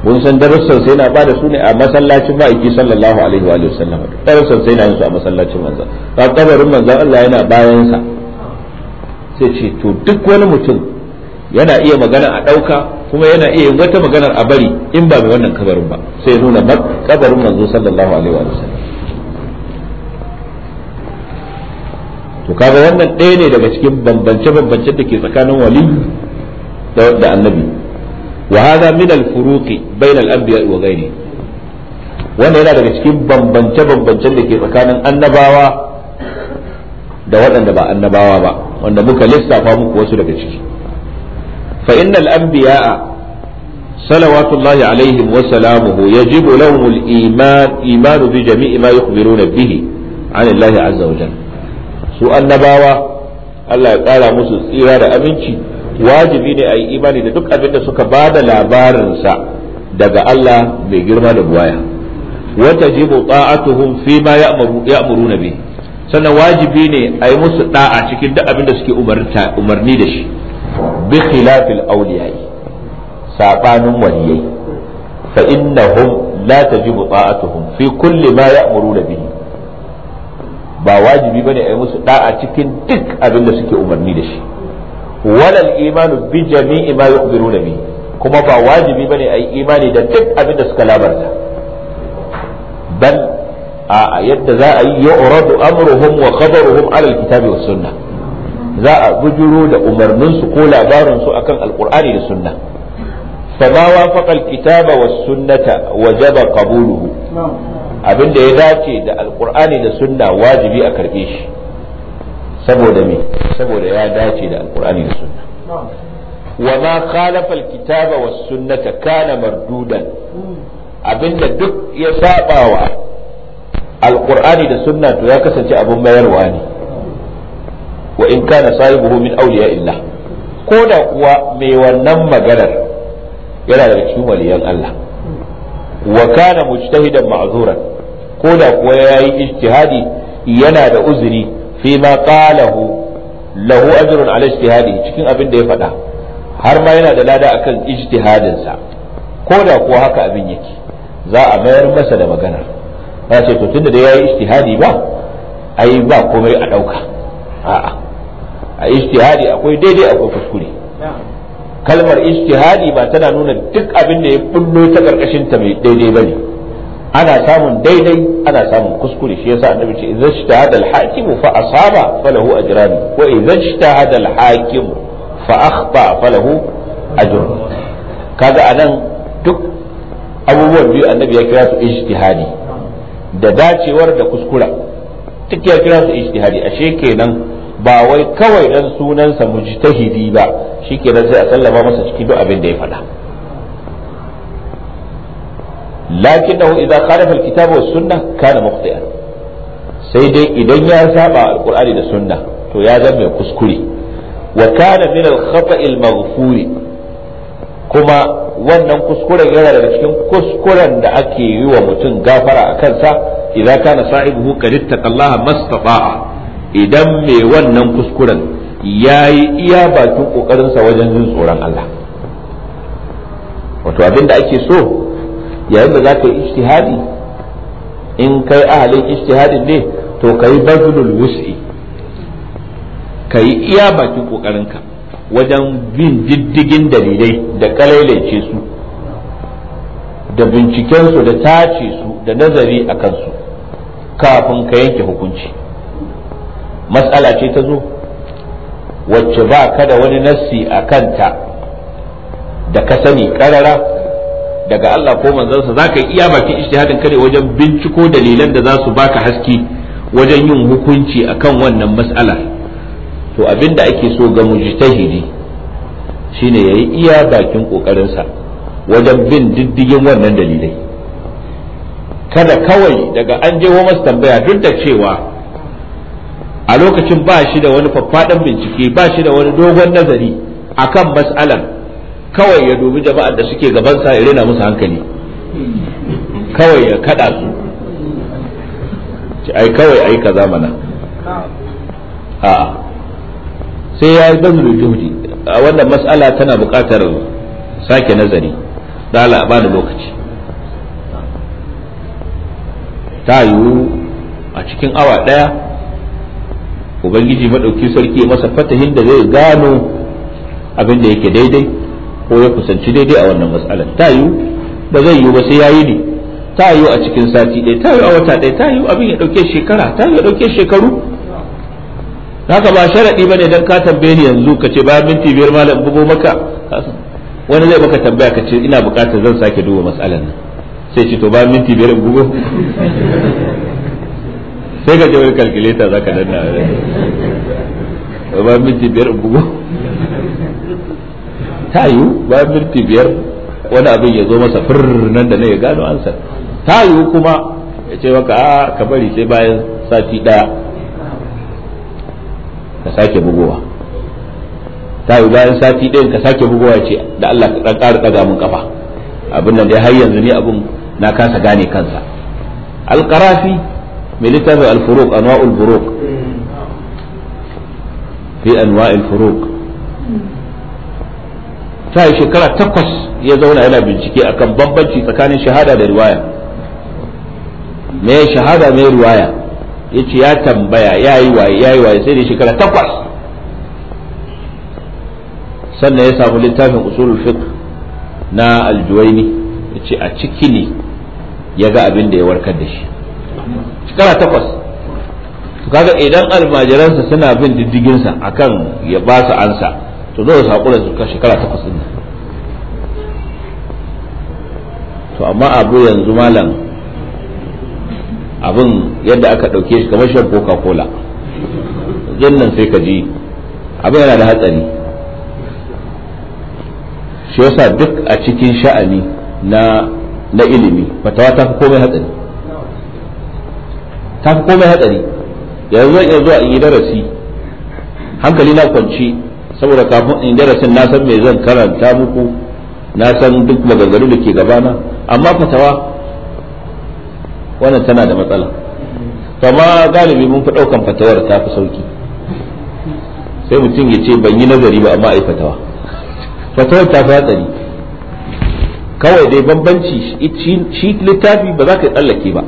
mun san darussan sai na bada su ne a masallacin ma'aiki sallallahu alaihi wa alihi wasallam darussan sai na yin su a masallacin manzo ba kabarin manzo Allah yana bayan sa sai ce to duk wani mutum yana iya magana a ɗauka kuma yana iya wata maganar a bari in ba mai wannan kabarin ba sai nuna kabarin manzo sallallahu alaihi wa sallam to kaga wannan ɗaya ne daga cikin bambance bambance da ke tsakanin wali da annabi wa hada min al furuqi bayna al anbiya wa ghairi wannan yana daga cikin bambance bambancen da ke tsakanin annabawa da waɗanda ba annabawa ba wanda muka lissafa muku wasu daga ciki fa innal anbiya'a صلوات الله عليهم وسلامه يجب لهم الإيمان إيمان بجميع ما يخبرون به عن الله عز وجل su annabawa Allah ya ƙara musu tsira da aminci wajibi ne a yi imani da duk abin da suka ba da labarinsa daga Allah mai girma da buwaya wata jibo ta'atuhum fi ma ya'muru na sannan wajibi ne a yi musu da'a cikin duk abin da suke umarni da shi bi khilafil awliyai sabanin waliyai fa innahum la tajibu ta'atuhum fi kulli ma ya'muru bihi ba wajibi bane a yi musu da'a cikin duk abin da suke umarni da shi walal imanu bi jami'i ma yukhbiruna bi kuma ba wajibi bane a yi imani da duk abin da suka labarta bal a yadda za a yi yu'radu amruhum wa khabaruhum ala alkitabi was sunnah za a bujuro da umarninsu ko labarinsu akan alkur'ani da sunna فما وافق sunnata والسنة وجب قبوله abin da ya dace da alkur'ani da sunna wajibi a karbe shi saboda me saboda ya dace da alkur'ani da sunna wa ma khalafa alkitaba was sunnata kana mardudan abinda duk ya sabawa alkur'ani da sunna to ya kasance abin mayarwa ne wa in kana sahibuhu min awliya illa ko da kuwa mai wannan maganar yana daga cikin waliyan Allah wa kana mujtahidan ma'zuran ko da kuwa ya yi ijtihadi yana da uzuri fi ma qalahu lahu ajrun ala ijtihadi cikin abin da ya faɗa har ma yana da lada akan ijtihadin sa ko da kuwa haka abin yake za a mayar masa da magana ba ce to tunda da ya yi ijtihadi ba ai ba komai a ɗauka a'a a ijtihadi akwai daidai akwai kuskure kalmar ijtihadi ba tana nuna duk abin da ya bullo ta karkashin ta mai daidai bane ana samun daidai ana samun kuskure shi yasa annabi ce idan ijtahada al-hakim fa asaba falahu ajran wa idan ijtahada al-hakim fa akhta falahu ajr kaga anan duk abubuwan biyu annabi ya kira su ijtihadi da dacewar da kuskura duk ya kira su ijtihadi ashe kenan ba wai kawai dan sunan sunansa mujtahidi ba shikenan sai a sallama masa cikin duk abin da ya faɗa lakinnahu idza khalafa alkitaba was sunnah kana mukhti'an sai dai idan ya saba alqur'ani da sunna to ya zama kuskure wa kana min alkhata'i kuma wannan kuskuren yana daga cikin kuskuren da ake yi wa mutum gafara a kansa idan kana sa'ibuhu qad ittaqallaha mastata'a idan mai wannan kuskuren yayi iya bakin ƙoƙarinsa wajen jin tsoron Allah wato abin da ake so yayin da za ka yi ijtihadi in kai ahalin ijtihadin ne to ka yi bazulul wus'i ka yi iya bakin ƙoƙarinka wajen bin diddigin dalilai da kalailaice su da bincikensu da tace su da nazari a kansu kafin ka yanke hukunci matsala ce ta zo wacce ba ka da wani nassi a kanta da ka sani ƙarara? daga Allah ko manzansa za ka yi iya bakin ishtihadin kare wajen binciko dalilan da za su baka haske wajen yin hukunci akan wannan mas'ala to abinda ake so ga mujtahidi shine yayi iya bakin kokarinsa wajen bin diddigin wannan dalilai kada kawai daga an je wa masa tambaya duk da cewa a lokacin ba shi da wani faffaɗan bincike ba shi da wani dogon nazari akan mas'alan kawai ya dubi jama'ar da suke gabansa ya rena musu hankali kawai ya kada su ai kawai ai kaza mana a sai ya yi bazuru juhudi a wannan mas'ala tana buƙatar sake nazari dala ba da lokaci ta yiwu a cikin awa ɗaya ubangiji maɗauki sarki masa fatahin da zai gano abin da yake daidai ko ya kusanci daidai a wannan matsalar ta yiwu ba zai yiwu ba sai ya yi ne ta yiwu a cikin sati ɗaya ta yiwu a wata ɗaya ta yiwu abin ya ɗauke shekara ta yiwu ya ɗauke shekaru haka ba sharaɗi ne don ka tambaye ni yanzu ka ce bayan minti biyar malam bugo maka wani zai maka tambaya ka ce ina buƙatar zan sake duba matsalar nan sai ce to bayan minti biyar in bugo sai ka je wani kalkuleta za ka danna bayan minti biyar in bugo ta yiwu minti biyar wani abin ya zo masa nan da ne ya gano ansa ta yiwu kuma ya ce maka a ka bari sai bayan sati daya ka sake bugowa ta yiwu bayan sati daya ka sake bugowa ce da Allah ka ƙara ɗaga mun kafa abin nan dai har yanzu ne abin na kasa gane kansa alƙarafi militar littafin alfuruk anwa'ul buruk fi anwa'il furuk yi shekara takwas ya zauna yana bincike akan bambanci tsakanin shahada da riwaya me shahada me riwaya ce ya tambaya ya yi waye ya yi waye sai da shekara takwas sannan ya samu littafin usulul fiqh na aljuwaini ce a ciki ne ya ga abin da ya warkar da shi shekara takwas kaga idan almajiransa suna bin diddiginsa akan ya ba su ansa to dole su haƙura su shekara takwas ɗin to amma abu yanzu malam abin yadda aka ɗauke shi kamar shan coca cola nan sai ka ji abin yana da hatsari shi yasa duk a cikin sha'ani na na ilimi fatawa ta fi komai hatsari ta fi komai hatsari yanzu zan iya zuwa in yi darasi hankali na kwanci saboda kafin in darasin na san me zan karanta muku na san duk maganganu da ke gabana amma fatawa wannan tana da matsala kama galibi mun fi ɗaukan fatawar ta fi sauki sai mutum ya ce ban yi nazari ba amma a yi fatawa fatawar ta fi hatsari kawai dai bambanci shi littafi ba za ka tsallake ba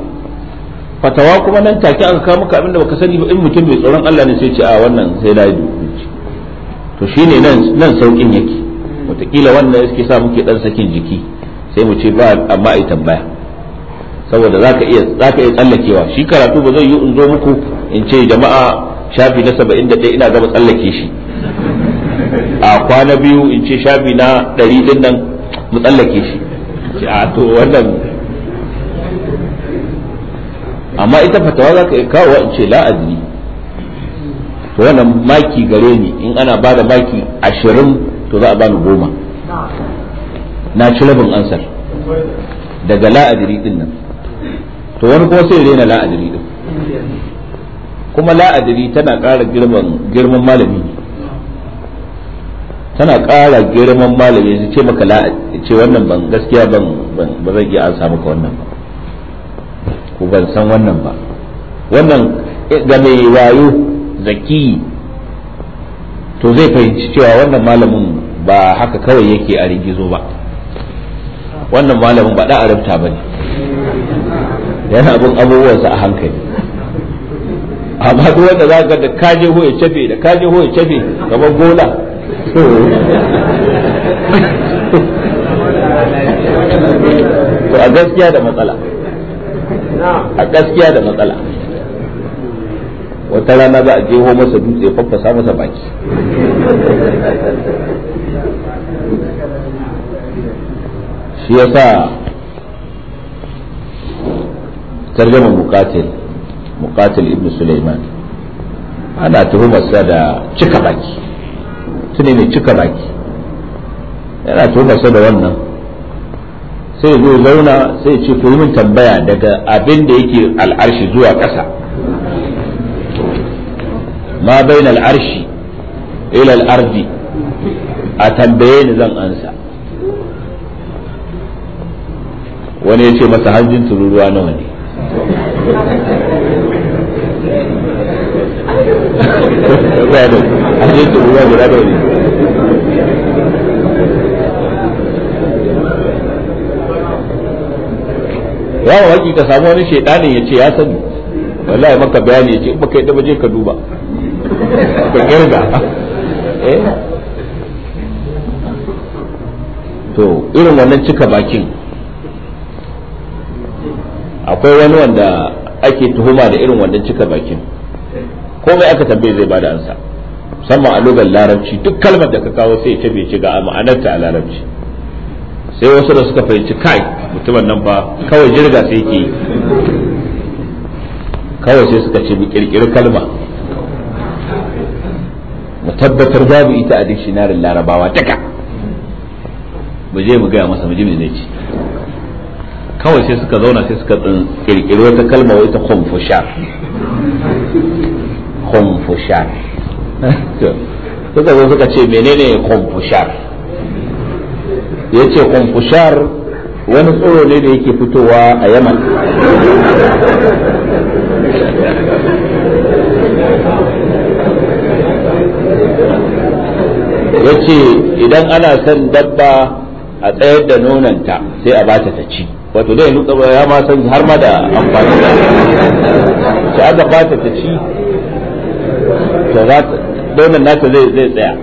fatawa kuma nan take aka kawo maka abin da baka sani ba in mutum mai tsoron Allah ne sai ce a wannan sai na yi to shine nan nan saukin yake wataƙila wannan yake sa muke dan sakin jiki sai mu ce ba amma ai tambaya saboda zaka iya zaka iya tsallakewa shi karatu ba zai yi in zo muku in ce jama'a shafi na 71 ina gaba tsallake shi a kwana biyu in ce shafi na 100 din nan mu tsallake shi a to wannan amma ita fatawa zaka iya kawo in ce la'azi to wannan maki gare ni in ana ba da maki ashirin to za a ba ni goma na ci rabin ansar daga la'adiri din nan to wani kuma sai rena la'adiri din kuma la'adiri tana ƙara girman malami tana ƙara girman malami su ce maka ce wannan ban gaskiya ban ba zan iya an samu ka wannan ba Ku ban san wannan ba wannan eh, ga mai wayo zaki to zai fahimci cewa wannan malamin ba haka kawai yake a rigizo ba wannan malamin ba da arabta ba ne yana bin abubuwansa a hankali amma duk wanda za ga da kaje ho ya cafe da kaje ho ya cafe kamar gola to a gaskiya da matsala a gaskiya da matsala wata rana za a jeho masa dutse faffasa masa baki shi ya sa tarjamar mukatil mukatil ibn suleiman ana tuhumarsa da cika baki tuni ne cika baki yana tuhumarsa da wannan sai zai zauna sai ce ku yi min tambaya daga abin da yake al'arshi zuwa ƙasa ma bainal العرش ila al-ardi a tambaye zan ansa wani ya ce masa hanjin tururuwa nawa ne tururuwa yawon haƙi ka samu wani shaidanin ya ce ya sani wallahi maka bayani ya ce in baka yi je ka duba ku kirga eh. to irin wannan cika bakin akwai wani wanda ake tuhuma da irin wannan cika bakin komai aka tambaye zai bada ansa musamman a lugar larabci duk kalmar da ka kawo sai ta bai shiga a ma'anarta a larabci sai wasu da suka fahimci kai mutumin nan fa kawai jirga sai ke kawai sai suka ce kirkiri kalma mu tabbatar babu ita a dictionarin larabawa duka mu je mu gaya masa mu ji me ce kawai sai suka zauna sai suka kirkiri wata kalma wai ta khumfushar khumfushar suka zo suka ce menene khumfushar ya ce khumfushar wani tsoro ne da yake fitowa a yaman ya ce idan ana son dabba a tsayar da nonanta sai a bata ta ci wato dai ba ya ma san har ma da amfani da ta aka bata ta ci to za ta nonan nata zai zai tsaya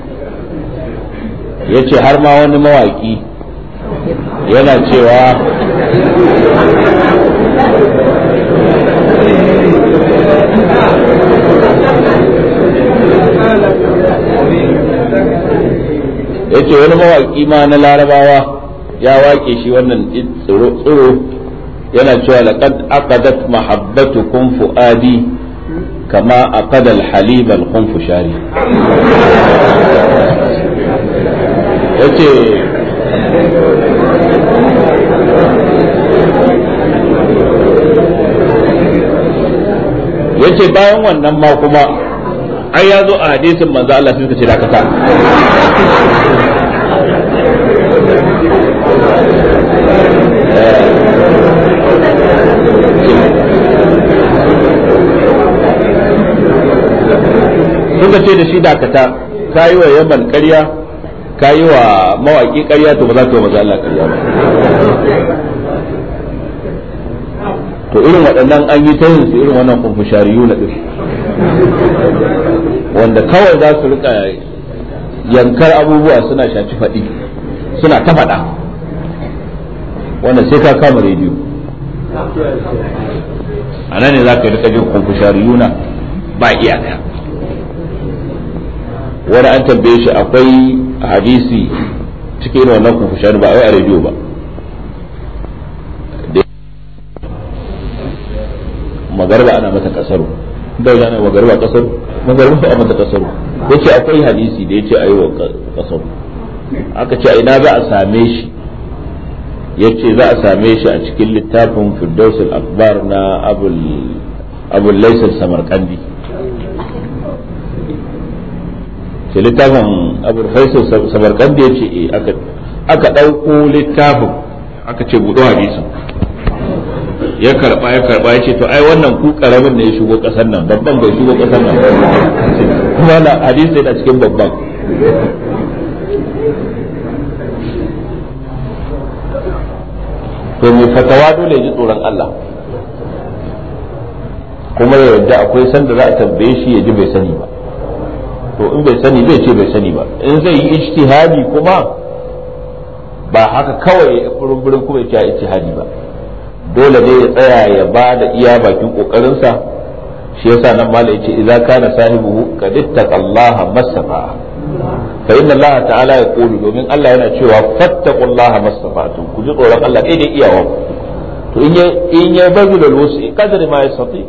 ya ce har ma wani mawaki yana cewa yace wani mawaƙi ma na larabawa ya wake shi wannan tsiro tsiro yana cewa laqad aqadat mahabbatukum fuadi kama aqada al-halib al-khunf shari yace yace bayan wannan ma kuma ai ya zo a hadisin manzo Allah sai suka ce da kasa suka ce da shi dakata ka yi wa yaman karya ka yi wa mawaƙi karya to ba za ka yi maza Allah karya ba to irin waɗannan an yi ta su irin wannan kumfushariyu na ɗin wanda kawai za su rika yankar abubuwa suna shaci faɗi suna ta faɗa wanda sai ka kama rediyo a nan ne za ka yi rika jin yuna ba iyaka wani an tambaye shi akwai hadisi cikin wannan kunkushari ba wai a rediyo ba magarba ana mata kasaru daula ne magarba kasaru magarba ana mata kasaru yace akwai hadisi da ya ce a yi wa kasaru aka ce a ina za a same shi yace za a same shi a cikin littafin firdaus al-akbar na abul abul samarkandi ce littafin abul faisal samarkandi ya ce eh, aka ɗauko littafin aka ce budo hadisin ya karɓa ya karɓa ya ce to ai wannan ku karamin ne ya shigo kasar nan babban bai shigo kasar nan kuma hadisi yana cikin babban to mai fatawa dole ya ji tsoron Allah kuma ya yarda akwai sanda za a tambaye shi ya ji bai sani ba to in bai sani zai ce bai sani ba in zai yi ijtihadi kuma ba haka kawai ya burin kuma ya ce ijtihadi ba dole ne ya tsaya ya ba da iya bakin kokarinsa shi yasa nan mala yace idza kana sahibu ka ittaqa Allah masafa fa inna Allah ta'ala ya qulu domin Allah yana cewa fattaqullaha mastata'tum ku ji tsoron Allah kai dai iyawa to in ya in ya bazu da lusi kadari ma yasati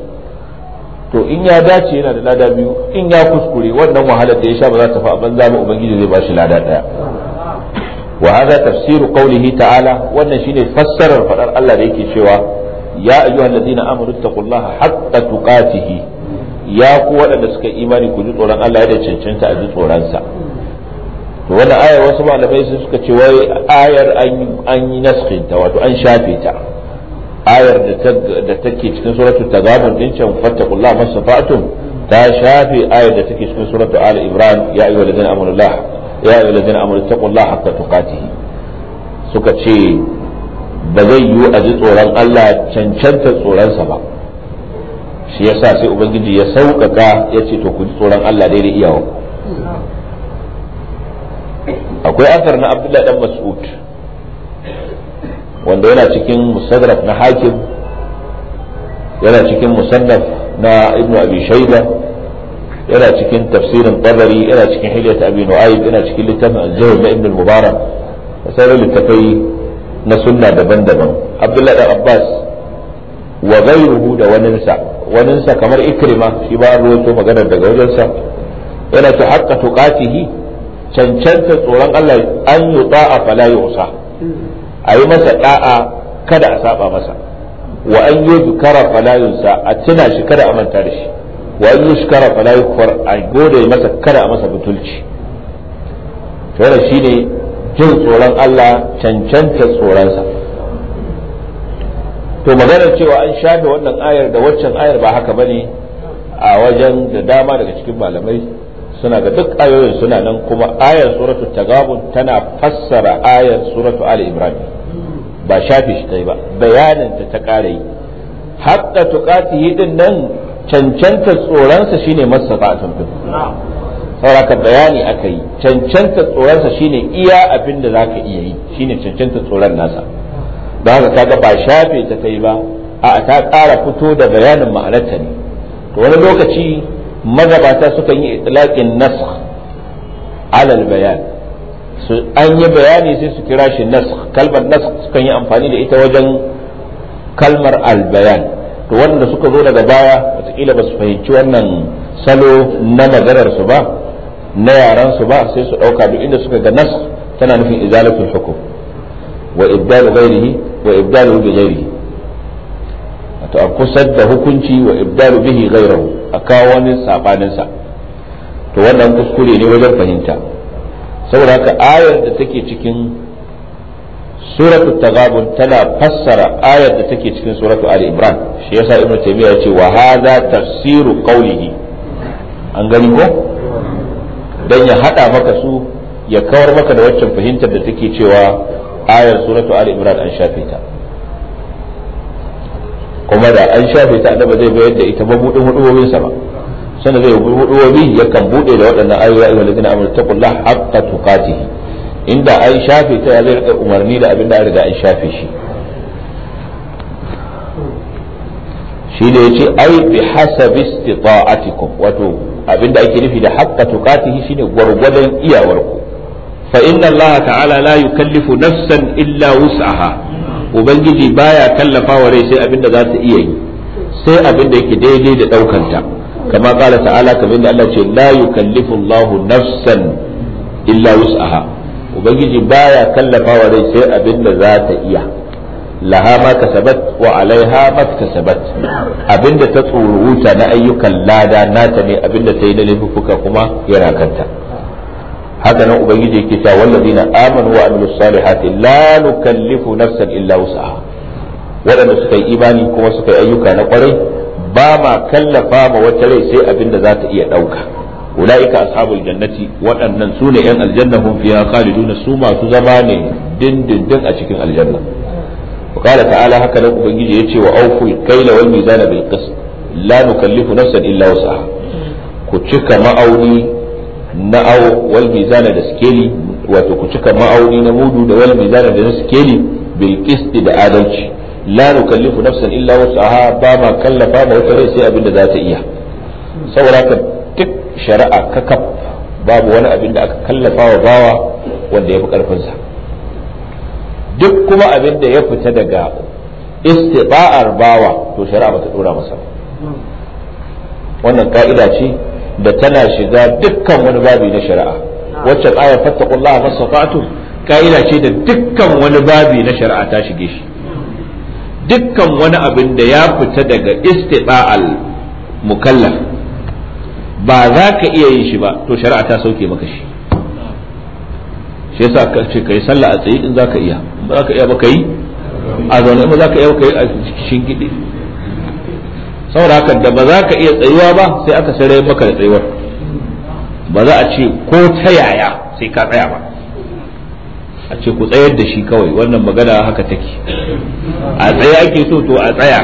to in ya dace yana da lada biyu in ya kuskure wannan wahalar da ya sha ba za ta fa banza mu ubangiji zai bashi lada daya wa hadha tafsiru qawlihi ta'ala wannan shine fassarar fadar Allah da yake cewa ya ayyuhallazina amanu taqullaha haqqa tuqatihi ya ku waɗanda suka imani ku ji tsoron Allah da cancanta a ji tsoronsa to wani ayar wasu malamai su suka ce wai ayar an yi naskinta wato an shafe ta ayar da take cikin ta tagamun din can masu fatun. ta shafe ayar da take cikin suratul ali Ibrahim ya yi ladina amanu la ya ayyuhal ladina amanu taqullaha haqqa tuqatih suka ce ba zai yiwu a ji tsoron Allah cancanta tsoronsa ba shi sa sai ubangiji ya sauƙaƙa ya ce to ku ji tsoron Allah daidai iyawa akwai asar na abdullahi dan mas'ud wanda yana cikin musadraf na hakim yana cikin musannaf na ibnu abi shayba yana cikin tafsirin tabari yana cikin hilyat abi nu'aib yana cikin littafin al-jahl na ibnu mubarak da sauran littafai na sunna daban-daban abdullahi dan abbas wa ghayruhu da waninsa waninsa kamar ikrima shi ba ruwaito magana daga wajensa yana ta haqqa tuqatihi cancanta tsoron Allah an yuta a fala yusa a yi masa ɗa'a kada a saba masa wa an yuzkara fala yunsa a tuna shi kada a manta da shi wa an yushkara fala yukfar a gode masa kada a masa butulci to ne jin tsoron Allah cancanta tsoronsa to maganar cewa an shafe wannan ayar da waccan ayar ba haka bane a wajen da dama daga cikin malamai suna ga duk ayoyin suna nan kuma ayar suratu tagabun tana fassara ayar suratu ali Ibrahim, ba shafe shi tai ba bayanin ta ta kare yi hatta tuqatihi din nan cancanta tsoronsa shine masafatun din sauraka bayani aka yi cancanta tsoronsa shine iya abin da zaka iya yi shine cancanta tsoron nasa ba haka kaga ba shafe ta kai ba a ta ƙara fito da bayanin ma'anarta ne to wani lokaci magabata suka yi itlaqin nasakh alal bayan su an yi bayani sai su kira shi nasakh kalmar nasakh sukan yi amfani da ita wajen kalmar albayan to wanda suka zo daga baya wataƙila ba su fahimci wannan salo na maganar su ba na yaran su ba sai su ɗauka duk inda suka ga nas tana nufin izalatul hukum wa ibdalu ghairihi wa ibdalu bi ghairi wato a kusar da hukunci wa ibdalu bihi ghairahu a kawo wani sabanin sa to wannan kuskure ne wajen fahimta saboda haka ayar da take cikin suratul tagabun tana fassara ayar da take cikin suratu ali imran shi yasa ibnu taymiya yace wa hadha tafsiru qawlihi an gani ko dan ya hada maka su ya kawar maka da waccan fahimtar da take cewa ayar suratu ali imran an shafe ta kuma da an shafe ta annaba zai bayar da ita mabudin hudubobinsa ba sannan zai hudubobi yakan bude da waɗannan ayoyi ayyuhal ladina amanu taqullah haqqa tuqatihi inda an shafe ta ya zai rika umarni da abin da an riga an shafe shi shi da yace ai bi hasabi istita'atikum wato abin da ake nufi da haqqa tuqatihi shine gwargwadon iyawarku fa inna Allah ta'ala la yukallifu nafsan illa wus'aha ubangiji baya kallafa wa sai abinda za iya yi sai abinda yake daidai da ɗaukanta. kama qala ta'ala kamar da Allah ce la yukallifu Allahu nafsan illa wus'aha ubangiji baya kallafa wa rai sai abinda za iya laha ma kasabat wa alaiha kasabat abinda ta tsoruta na ayyukan lada nata ne abinda ta yi na laifuka kuma yara kanta haka nan ubangiji yake cewa wallazina amanu wa amilus salihati la nukallifu nafsan illa wus'aha waɗanda suka yi imani kuma suka yi ayyuka na kwarai ba ma kallafa ma wata rai sai abin da za ta iya ɗauka ulaika ashabul jannati waɗannan su ne 'yan aljanna hum fiha khaliduna su masu zama ne dindindin a cikin aljanna ta'ala haka nan ubangiji ce wa awful kaila wal mizana bil qist la nukallifu nafsan illa wus'aha ku cika ma'auni awo wal mizana da skeli wato ku cika ma'auni na mudu da wal mizana da na skeli bil qist da adalci la nukallifu nafsan illa wus'aha ba ma kallafa ba wata rai sai abin da za ta iya saboda ka duk shari'a ka kaf babu wani abin da aka kallafa wa bawa wanda ya fi karfinsa duk kuma abin da ya fita daga istiba'ar bawa to shari'a bata dora masa wannan ka'ida ce da tana shiga dukkan wani babi na shari'a wacce aya fattaqullaha masata'tum kaida ce da dukkan wani babi na shari'a ta shige shi dukkan wani abin da ya fita daga istita'al mukallaf ba za ka iya yin shi ba to shari'a ta sauke maka shi shi yasa ka ce kai sallah a tsaye in za ka iya ba za ka iya ba ka yi a zaune ba za ka iya ba ka yi a cikin saboda haka da ba za ka iya tsayuwa ba sai aka sare maka da tsayuwar ba za a ce ko ta yaya sai ka tsaya ba a ce ku tsayar da shi kawai wannan magana haka take a tsaye ake so to a tsaya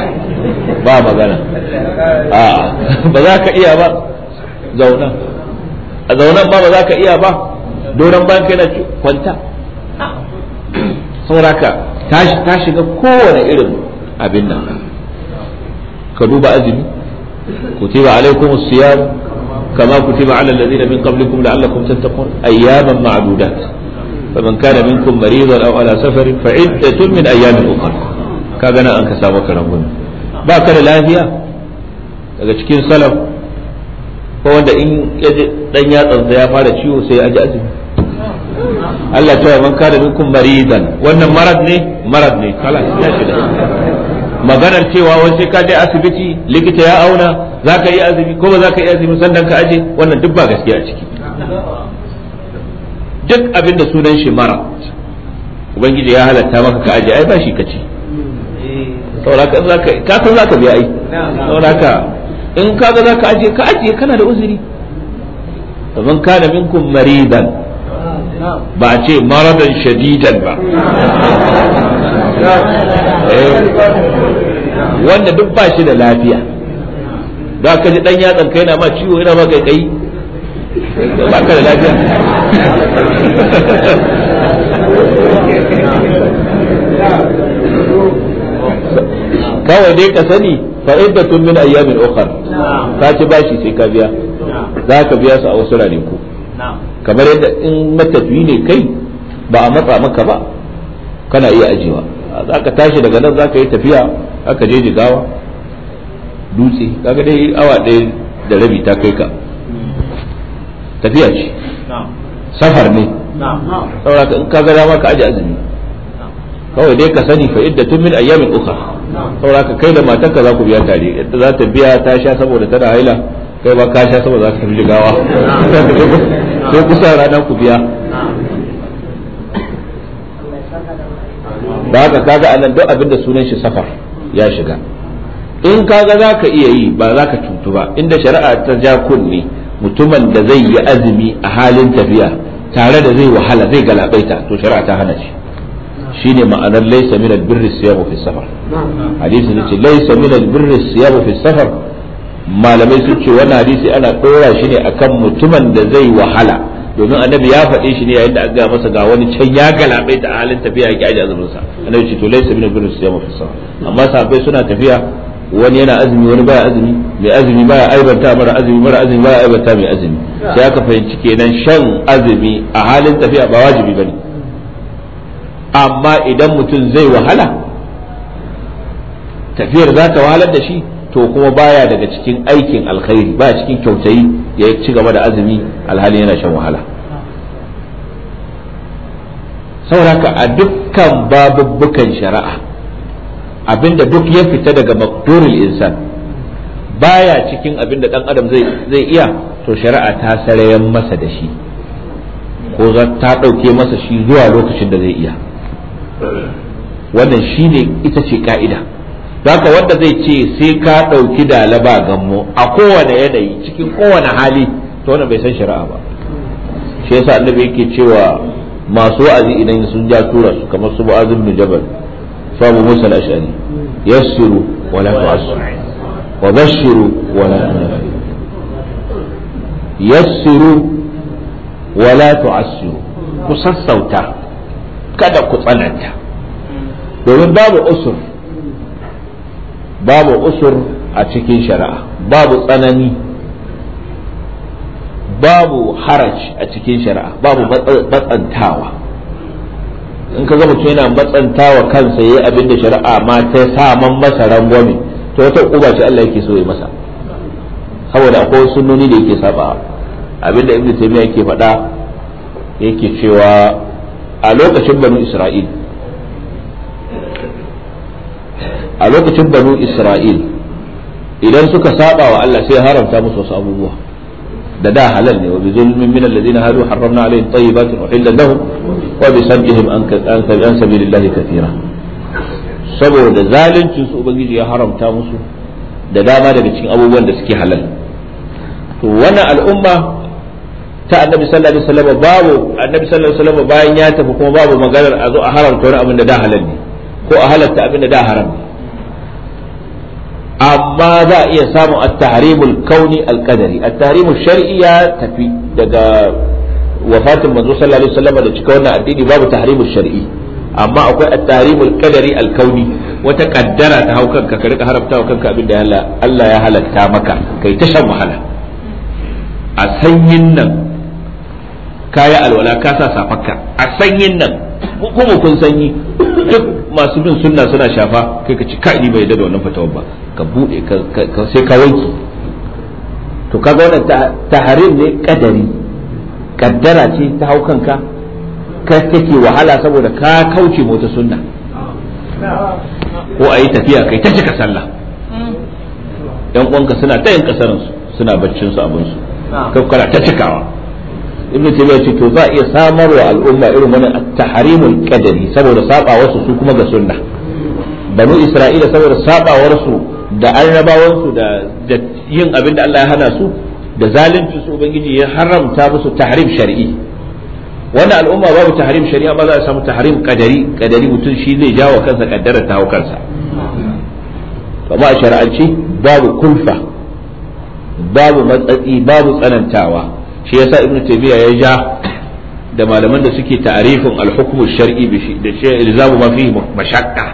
ba magana a <laughs> ba za ka iya ba zaunan a zaunan ba ba za ka iya ba doron bayan kai na kwanta sauraka ta shiga kowane irin abin nan ka duba azumi kutiba alaikum as-siyam kama kutiba ala alladhina min qablikum la'allakum tattaqun ayyaman ma'dudat faman kana minkum maridan aw ala safarin fa iddatun min ayyamin ukhra kaga nan an ka samu karangun ba ka da lafiya daga cikin salaf ko in yaji dan yatsar da ya fara ciwo sai ya azumi Allah ta man wannan ne ne kala maganar cewa wai sai ka je asibiti likita ya auna za ka yi azumi ko ba za ka yi azumi sannan ka aje wannan duk ba gaskiya a ciki duk abin da sunan shi mara ubangiji ya halatta maka ka aje ai ba shi kace sauraka zaka ka san zaka biya ai sauraka in ka ga za ka aje ka aje kana da uzuri kaman kana minkum maridan ba a ce maradan shadidan ba <laughs> eh. wanda duk ba shi da lafiya da ka ji dan yatsan kai na ma ciwo yana ma gaigayi ba ka da lafiya kawai dai ka sani fa'iddatun min ayyamin ukhra ka ci bashi sai ka biya za ka biya su a wasu ranaku kamar yadda in matafi ne kai ba a matsa maka ba kana iya ajiyewa za ka tashi daga nan za ka yi tafiya aka je jigawa dutse kaga dai awa ɗaya da rabi ta kai ka tafiya ce safar ne saboda in ka ga dama ka aje azumi kawai dai ka sani fa idda tun min ayyamin uka saboda ka kai da matarka za ku biya tare yadda za ta biya ta sha saboda tana haila kai ba ka sha saboda za ka tafi jigawa sai kusa rana ku biya da haka kaga anan duk abin da sunan shi safar ya shiga in kaga za ka iya yi ba za ka cutu ba inda shari'a ta ja kunne mutumin da zai yi azumi a halin tafiya tare da zai wahala zai galabaita to shari'a ta hana shi shine ma'anar laysa min albirri siyamu fi safar hadisi ne ce laysa min albirri siyamu fi safar malamai sun ce wannan hadisi ana dora shi ne akan mutumin da zai wahala domin annabi ya faɗe shi ne yayin da aka ga masa ga wani can ya galabe ta a halin tafiya ya aje azumin sa annabi ce to laysa min birr siyam fi sahar amma sahabbai suna tafiya wani yana azumi wani baya azumi mai azumi baya aibanta mara azumi mara azumi baya aibanta mai azumi sai aka fahimci kenan shan azumi a halin tafiya ba wajibi bane amma idan mutum zai wahala tafiyar za ta wahalar da shi to kuma baya daga cikin aikin alkhairi baya cikin kyautayi ya ci gaba da azumi alhali yana shan wahala sauraka a dukkan babubbukan shari'a abinda duk ya fita daga makdurul insan baya cikin abinda dan adam zai iya to shari'a ta sarayen masa da shi ko ta ɗauke masa shi zuwa lokacin da zai iya wannan shi ne ita ce ka'ida haka wanda zai ce sai ka ɗauki dalaba gammo a kowane yanayi cikin kowane hali to wannan bai san shari'a ba shi yasa annabi yake cewa masu wa'azi idan sun ja tura su kamar su mu'az ibn jabal sabu abu musa al-ash'ari yassiru wa la tu'assiru wa bashiru wa la tunaffiru yassiru wa la tu'assiru ku sassauta kada ku tsananta domin babu usur babu usur a cikin shari'a babu tsanani babu haraj a cikin shari'a babu matsantawa in ka ga mutum yana matsantawa kansa yayi abin da shari'a ma ta saman masa rangwame to wata uba ce Allah yake so ya masa saboda akwai wasu sunnoni da yake saba abin da ibn taymiya yake faɗa yake cewa a lokacin banu isra'il a lokacin banu isra'il idan suka saba wa Allah sai haramta musu wasu abubuwa da da halal ne wa bi zulmin min alladhina hadu harramna alaihim tayyibatin uhillat lahum wa bi an sabilillahi saboda zaluncin su ubangiji ya haramta musu da dama daga cikin abubuwan da suke halal to wannan al'umma ta annabi sallallahu alaihi wasallam babu annabi sallallahu alaihi wasallam bayan ya tafi kuma babu maganar a zo a haramta wani abin da da halal ne ko a halatta abin da da haram ne amma za a iya samun at kauni al-qadari at ya tafi daga wafatin manzo sallallahu alaihi wasallam da cika wannan addini babu tahrimul shar'i amma akwai at kadari qadari wata kaddara ta hau kanka ka rika haramta wa kanka abin da Allah ya halatta maka kai ta shan wahala a sanyin nan kaya alwala ka sa safarka a sanyin nan kun sanyi duk masu bin sunna suna shafa kai ka ci kai bai da wannan fatawar ba ka bude ka sai ka wanki to ka ga wannan taharim ne kadari kaddara ce ta hau kanka ka take wahala saboda ka kauce mota sunna ko ayi tafiya kai ta cika sallah yan uwanka suna ta yin kasaransu suna baccin su abin su kai kana ta cikawa ibnu taymiya ce to za a iya samarwa al'umma irin wani at-tahrimul qadari saboda saba wasu su kuma ga sunna banu isra'ila saboda sabawar su da annabawan su da yin abin da Allah ya hana su da zalunci su ubangiji ya haramta musu tahrim shar'i wannan al'umma babu tahrim shari'a ba za a samu tahrim kadari kadari mutum shi zai jawo kansa kaddar ta hau kansa amma a shari'ance babu kulfa babu matsatsi babu tsanantawa shi yasa ibnu taymiya ya ja da malaman da suke ta'arifin al-hukm shar'i da shi ilzamu ma fihi mashaqqa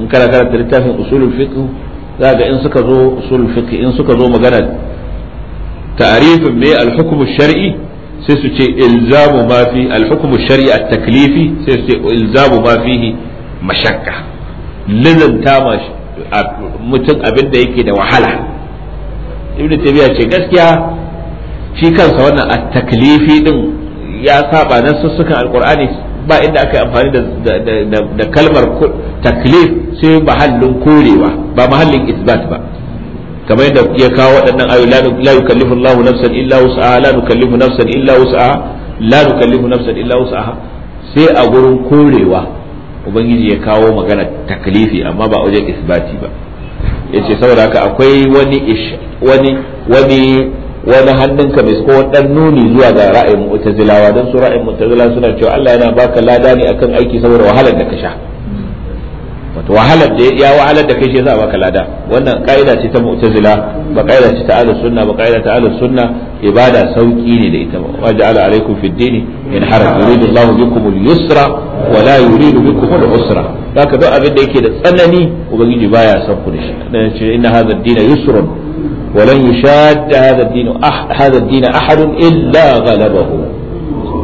in kana karanta littafin usulul fiqh za ga in suka zo usulul fiqh in suka zo magana ta'arifin me al-hukm shar'i sai su ce ilzamu ma fi al-hukm shar'i at-taklifi sai su ce ilzamu ma fihi mashaqqa lilanta ma mutum abin da yake da wahala ibnu taymiya ce gaskiya shi kansa wannan a taklifi din ya saba nan sussukan alkur'ani ba inda aka yi amfani da kalmar taklif sai mahallin korewa ba mahallin isbat ba kamar yadda ya kawo waɗannan ayu la yukallifu Allahu nafsan illa wus'aha la nukallifu nafsan illa wus'aha la nukallifu nafsan illa wus'aha sai a gurin korewa ubangiji ya kawo magana taklifi amma ba wajen isbati ba yace saboda haka akwai wani wani wani wani hannunka mai ko dan nuni zuwa ga ra'ayin mu'tazilawa dan su ra'ayin mu'tazila suna cewa Allah yana baka lada ne akan aiki saboda wahalar da ka sha wato wahalar da ya wahalar da kai shi yasa baka lada wannan kaida ce ta mu'tazila ba kaida ce ta ahlus sunna ba kaida ta ahlus sunna ibada sauki ne da ita wa ja'ala alaikum fid din in haraj yuridu Allahu bikum al-yusra wa la yuridu bikum al-usra haka duk abin da yake da tsanani ubangiji baya son ku da shi dan ce inna hadha ad-din yusrun ولن يشاد هذا الدين أح هذا الدين أحد إلا غلبه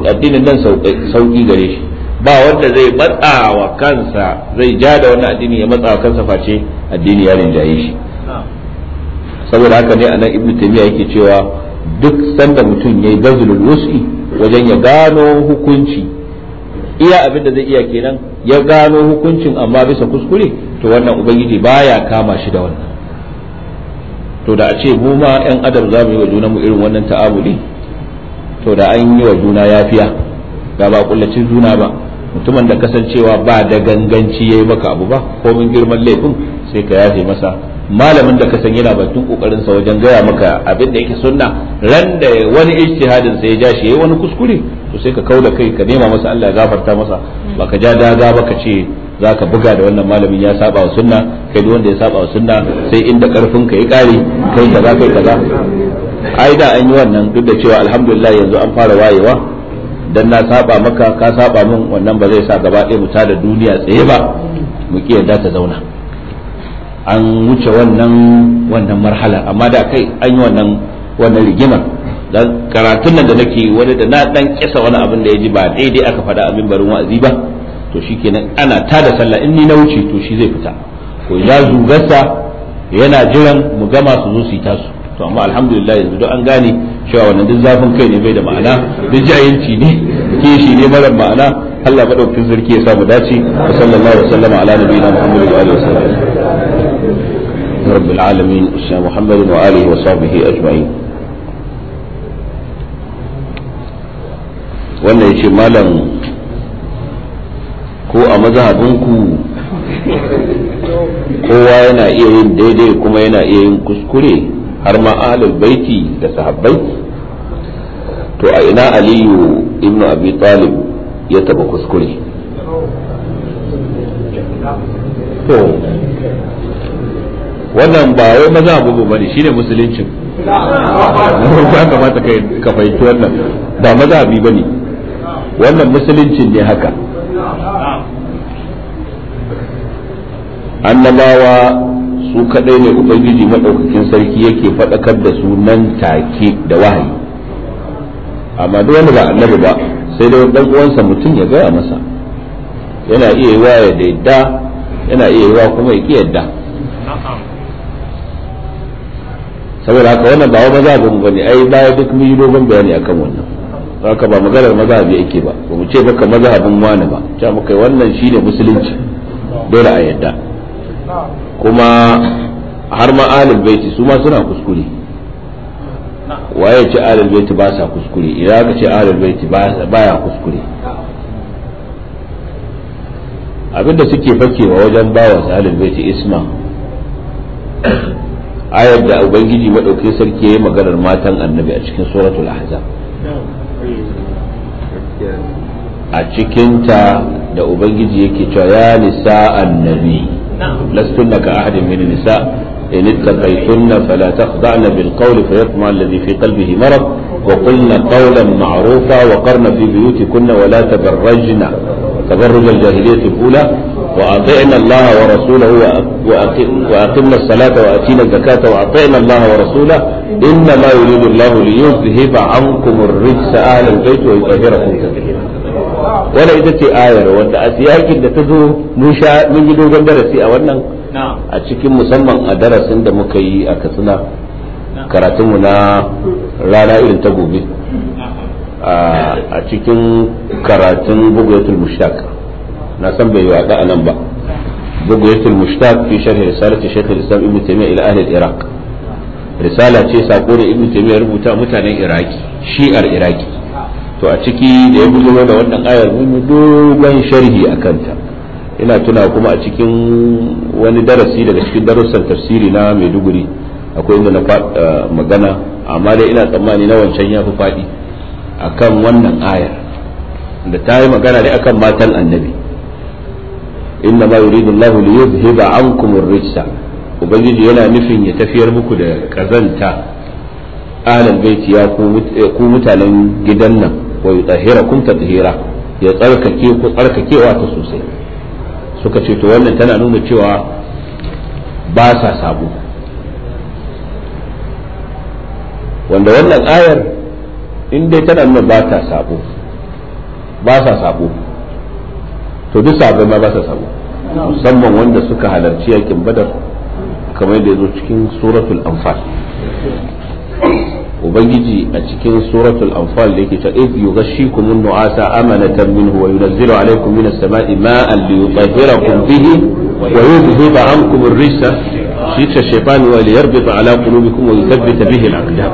addinin nan sauki gare shi ba wanda zai matsa wa kansa zai ja da wannan addini ya matsa wa kansa face addinin ya rinjaye shi saboda haka ne anan ibnu taymiya yake cewa duk sanda mutum yayi bazlul wus'i wajen ya gano hukunci iya abin da zai iya kenan ya gano hukuncin amma bisa kuskure to wannan ubangiji baya kama shi da wannan to da a ce mu ma yan adam za mu yi wa juna mu irin wannan ta'amuli to da an yi wa juna yafiya ga ba kullacin juna ba mutumin da kasancewa ba da ganganci yayi maka abu ba ko mun girman laifin sai ka yafe masa malamin da ka san yana batun kokarin sa wajen gaya maka abin da yake sunna ran da wani ijtihadin sai ya ja shi yayi wani kuskure to sai ka kaula kai ka nema masa Allah ya gafarta masa ba ka ja daga ba ka ce Za ka buga da wannan malamin ya saba wa sunna kai duk wanda ya saba wa sunna sai inda karfin ka ya kare kai kaza kai kaza ai da an yi wannan duk da cewa alhamdulillah yanzu an fara wayewa dan na saba maka ka saba min wannan ba zai sa gaba ɗaya mu tada duniya tsaye ba mu ki yadda ta zauna an wuce wannan wannan marhala amma da kai an yi wannan wannan rigimar karatun nan da nake wani da na dan kisa wani abin da ya ji ba daidai aka faɗa a mimbarin wa'azi ba to kenan ana tada sallah in ni na wuce to shi zai fita ko ya zugarsa yana jiran mu gama su zo su yi tasu to amma alhamdulillah yanzu duk an gane cewa wannan duk zafin kai ne bai da ma'ana duk jayinci ne kishi ne mara ma'ana Allah madaukakin sarki ya samu dace sallallahu alaihi wasallam ala nabiyina muhammadin wa alihi wasallam رب العالمين سيدنا محمد وآله وصحبه أجمعين wannan ya ce malam ko a mazhabinku kowa yana iya yin daidai kuma yana iya yin kuskure har ma ahlul baiti da sahabbai to a ina aliyu ibn abi talib ya taba kuskure to wannan ba wai maza abubu ba ne shine musuluncin Ba kamata ka fahimci wannan ba maza abi ba ne wannan musuluncin ne haka annabawa su kadai ne ubangiji maɗaukakin sarki yake faɗakar da su nan take da wahayi amma duk wanda ba annabi ba sai dai dan uwansa mutum ya gaya masa yana iya yi wa ya daidda yana iya yi wa kuma ya kiyarda saboda haka wannan ba wani zabin bane ai baya duk mu yi dogon bayani akan wannan haka ba maganar mazhabi yake ba ba mu ce maka mazhabin wani ba ta muka wannan shine musulunci dole a yadda kuma har ma alil baiti su ma suna kuskure waye ce alil baiti ba sa kuskure idan ka ce alil baiti ba ya kuskure abinda suke fakewa wajen bawa su alil baiti isma ayar da ubangiji madaukakin sarki ya yi maganar matan annabi a cikin suratul ahzab a cikinta da ubangiji yake cewa ya nisa annabi lastunna ka ahadin min nisa in ittaqaytunna fala takhda'na bil qawli yatma alladhi fi qalbihi marad wa qulna qawlan ma'rufa wa qarna fi buyutikunna wa la tabarrajna تبرج الجاهلية الأولى وأطعنا الله ورسوله وأقمنا الصلاة وأتينا الزكاة وأطعنا الله ورسوله إنما يريد الله ليذهب عنكم الرجس أهل البيت ويطهركم تطهيرا wannan ita ce ayar wanda a siyakin da ta zo mun sha mun yi dogon darasi a wannan a cikin musamman a darasin da muka yi a katsina karatunmu na rana irin ta gobe a cikin karatun bugayatul mushtaq na san bai yaɗa a nan ba bugayatul mushtaq fi sharhi risalati shaykh al-islam ibn taymiyyah ila ahli al-iraq risala ce sako da ibn taymiyyah rubuta mutanen iraki shi'ar iraki to a ciki da ya bugo da wannan ayar mun yi dogon sharhi a kanta ina tuna kuma a cikin wani darasi daga cikin darussan tafsiri na duguri akwai inda na eh, magana amma dai ina tsammani na wancan ya fi faɗi akan wannan ayar da ta yi magana ne akan matan annabi inna ma yuridu Allahu li yuzhiba ankum ar-rijsa ubangiji yana nufin ya tafiyar muku da kazanta ahlul baiti ya ku eh, mutanen gidan nan wa yutahhirakum tatheera ya tsarkake ku tsarkakewa ta sosai suka ce to wannan tana nuna cewa ba sa sabo wanda wannan ayar in dai tana nuna ba ta sabo ba sa sabo to duk sabon ma ba sa sabo musamman wanda suka halarci yakin badar kamar da ya zo cikin suratul anfal ubangiji a cikin suratul anfal da yake ta id yughashshikum an-nu'asa amanatan minhu wa yunazzilu alaykum minas sama'i ma'an liyutahhirakum bihi wa yudhhiba ankum ar-rijsa ta shaytanu wa liyarbita ala qulubikum wa yuthabbita bihi al-aqdam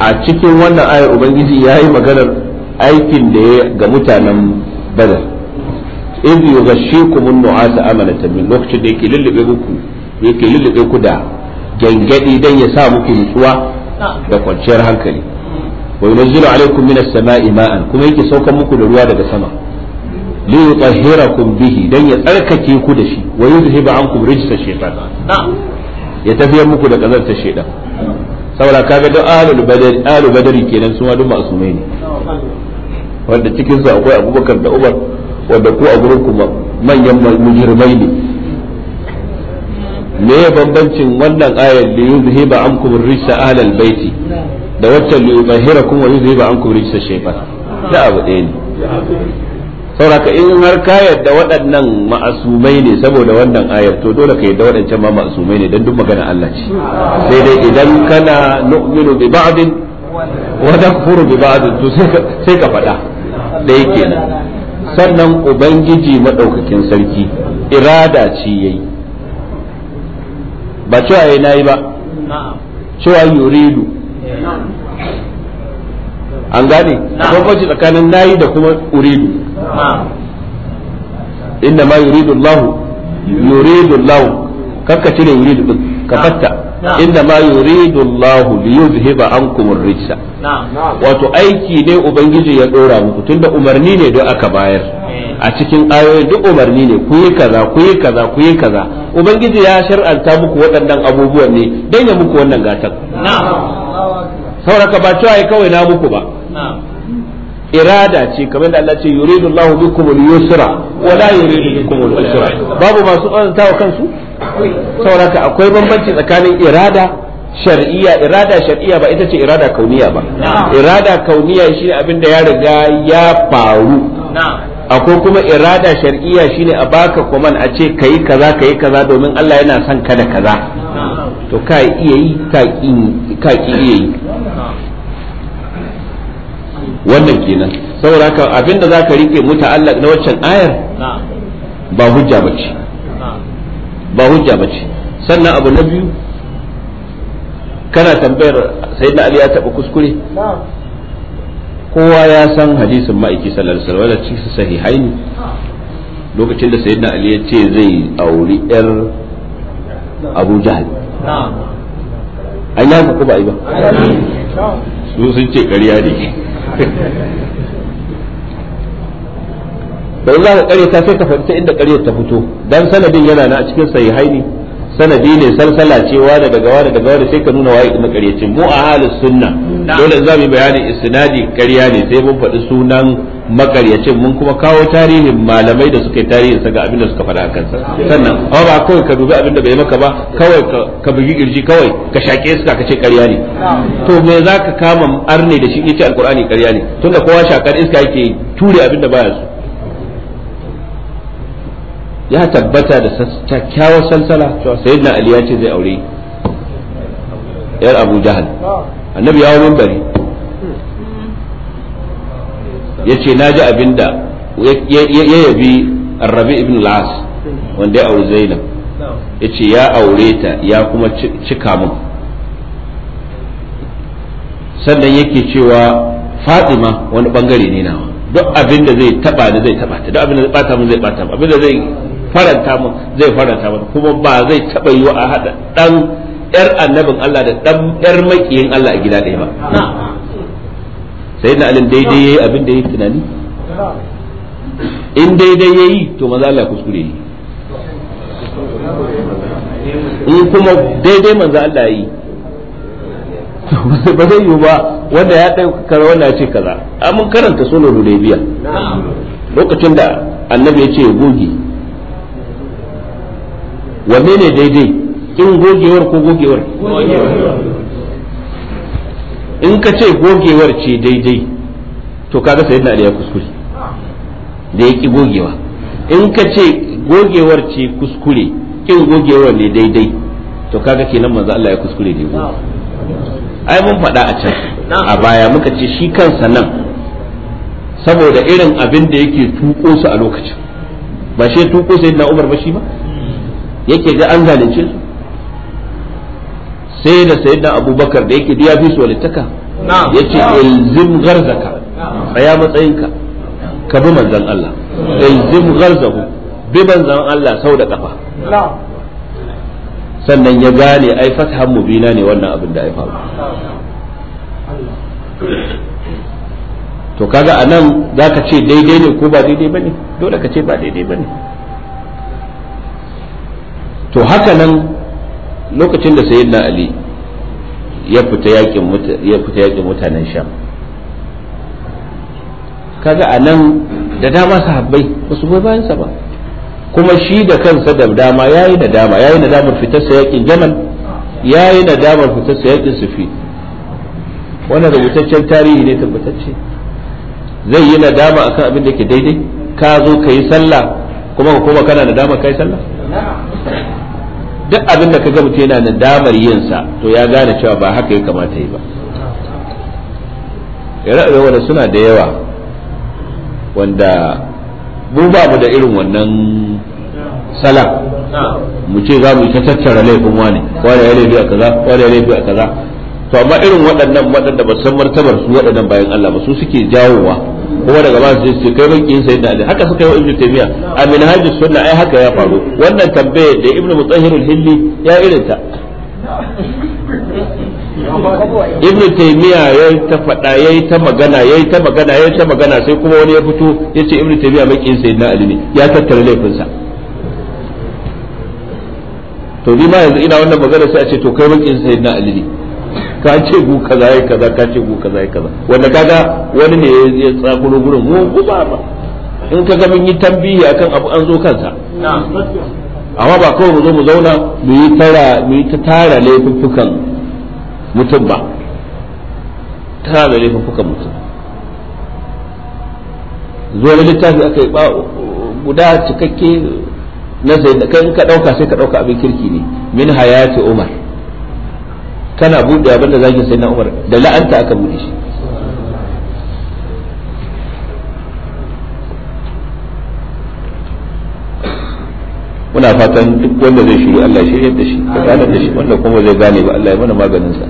a cikin wannan aya ubangiji yayi maganar aikin da ya ga mutanen badar id yughashshikum an-nu'asa amanatan min lokacin da yake lullube ku yake lullube ku da gangadi dan ya sa muku nutsuwa da kwanciyar hankali wa yunzilu alaikum minas sama'i ma'an kuma yake saukar muku da ruwa daga sama li yutahhirakum bihi dan ya tsarkake ku da shi wa yuzhiba ankum rijsa shaytan ya tafiyar muku da kazantar shaytan saboda kaga duk ahlul badar ahlul badari kenan su ma duk masumai ne wanda cikin su akwai Abubakar da Umar wanda ku a gurin ku manyan mujirmai ne me ya bambancin wannan ayar da an kuma rijsa alal baiti da waccan kuma yuzu wa an kuma rijsa shaytan da abu ɗaya ne sauraka in har ka yadda waɗannan ma'asumai ne saboda wannan ayar to dole ka yadda waɗancan ma ma'asumai ne don duk magana Allah ce sai dai idan kana nu'minu bi ba'din wa nakfuru bi ba'din to sai ka faɗa da yake sannan ubangiji madaukakin sarki irada ce yayi ba cewa na nayi ba cewa yuridu an gane akwai kwanci tsakanin nayi da kuma uridu inda ma yuridu lahu yuridu lahu kakka cire yuridu ka fatta inda ma yuridu Allahu li yuzhiba ankum ar-rijsa wato aiki ne ubangiji ya dora muku tunda umarni ne da aka bayar eh. a cikin ayoyin duk umarni ne ku yi kaza ku yi kaza ku yi kaza ubangiji ya shar'anta muku waɗannan abubuwan ne dan ya muku wannan gatan sauraka ba cewa kawai na muku ba irada ce kamar da Allah ce yuridu Allahu bikum al-yusra wa yuridu bikum al-usra babu masu tsanantawa kansu sauraka akwai bambanci tsakanin irada shar'iyya irada shar'iyya ba ita ce irada kauniya ba irada kauniya shi abin da ya riga ya faru akwai kuma irada shar'iyya shine a baka kuman a ce kayi kaza kayi kaza domin Allah yana son ka da kaza to ka iya yi ka ki iya yi wannan kenan saboda da za ka rike Allah na waccan ayar ba hujja bace ba hujja ba ce sannan abu na biyu kana tambayar sayyidina ali ya taɓa kuskure kowa ya san hadisin ma'aiki sallallahu alaihi wasallam cikin sahihaini lokacin da sayyidina ali ya ce zai auri yar abu jahal an yanka ko ba yi ba su sun ce ƙarya ne <laughs> to in za ka kare ta sai ka fahimta inda karyar ta fito dan sanadin yana na a cikin sahihaini sanadi ne salsala ce wani daga da daga wani sai ka nuna waye kuma karyacin mu a halin sunna dole za mu yi bayanin istinadi karya ne sai mun faɗi sunan makaryacin mun kuma kawo tarihin malamai da suka yi tarihin sa ga abin da suka faɗa a kansa sannan amma ba kawai ka dubi abin da bai maka ba kawai ka bugi kirji kawai ka shaƙe suka ka ce karya ne to me za ka kama arne da shi yace alqur'ani karya ne tunda kowa shakar iska yake ture abin da baya so ya tabbata da kyakkyawar salsala sai yadda ali ya ce zai aure yar abu jahal annabi ya wurin bari ya ce na ji abin da ya yabi rabi ibn Las wanda ya auri zainab ya ce ya aure ta ya kuma cika mun sannan yake cewa fatima wani bangare ne nawa duk abin da zai taba da zai taba ta duk abin da zai bata mun zai bata abin da zai faranta mun zai faranta mun kuma ba zai taba yiwa a hada dan yar annabin Allah da dan yar makiyin Allah a gida ɗaya ba sai na alin daidai yayi abin da yake tunani in daidai yayi to maza Allah kuskure ne in kuma daidai manzo Allah yayi ba zai yiwu ba wanda ya ɗauka wanda ya ce kaza mun karanta sunan hudaybiya lokacin da annabi ya ce ya goge wanne ne daidai in gogewar ko gogewar in ka ce gogewar ce daidai to kaga sai ali ya kuskure da ya ki gogewa in ka ce gogewar ce kuskure kin gogewar ne daidai to kaga kenan manzo Allah ya kuskure da ya ai mun faɗa a can a baya muka ce shi kansa nan saboda irin abin da yake tuko su a lokacin ba shi tuko sai na umar ba shi ba yake ga an zalunce su sai da da abubakar da yake biya fi su walittaka ya ce ilzim garzaka tsaya matsayinka ka bi manzan Allah ilzim garzahu bi manzan Allah sau da kafa sannan ya gane ai fathan mubina ne wannan abin da ya faru to kaga anan zaka ce daidai ne ko ba daidai bane dole ka ce ba daidai bane to haka nan lokacin da sayyidina ali ya fita yakin mutanen sham kaga a nan da dama sahabbai ba su bai bayansa ba kuma shi da kansa da dama ya yi nadama ya yi nadamar fitar sa yakin jamal ya yi nadamar fitar sa yakin sufi wannan rubutaccen tarihi ne tabbatacce zai yi nadama akan abin da ke daidai ka zo ka yi sallah kuma ka koma kana nadama ka yi sallah duk abin da kaga mutum yana nadamar yin sa to ya gane cewa ba haka ya kamata yi ba ire-ire wanda suna da yawa wanda mu ba mu da irin wannan sala mu ce za mu yi ta tattara laifin wani wani ya laifi a kaza wani ya laifi a kaza to amma irin waɗannan waɗanda ba san martabar su waɗannan bayan Allah ba su suke jawowa kuma daga ba su ce kai makiyin sayyidina ali haka suka yi wa ibnu taymiya a minhajus sunna ai haka ya faru wannan tambaye da ibnu mutahhir al-hilli ya irinta ibnu taymiya yayi ta fada yayi ta magana yayi ta magana yayi ta magana sai kuma wani ya fito yace ce ibnu taymiya sai da ali ne ya tattara laifin sa to ni ma yanzu ina wannan magana sai a ce to kai sai da ali ne ka ce gu kaza ya kaza ka ce gu kaza ya kaza wanda kaga wani ne ya tsakuro gurin mu ku ba in kaga mun yi tambihi akan abu an zo kansa amma ba kawai mu zo mu zauna mu yi tara mu yi ta tara laifuffukan mutum ba tara da laifuffukan mutum zo na littafi aka yi guda cikakke na zai kai in ka dauka sai ka dauka abin kirki ne min hayati umar kana buɗe abin da zagin na umar da la'anta aka buɗe shi muna fatan duk wanda zai shiru Allah shi yadda shi ka gane da shi wanda kuma zai gane ba Allah ya mana maganin sa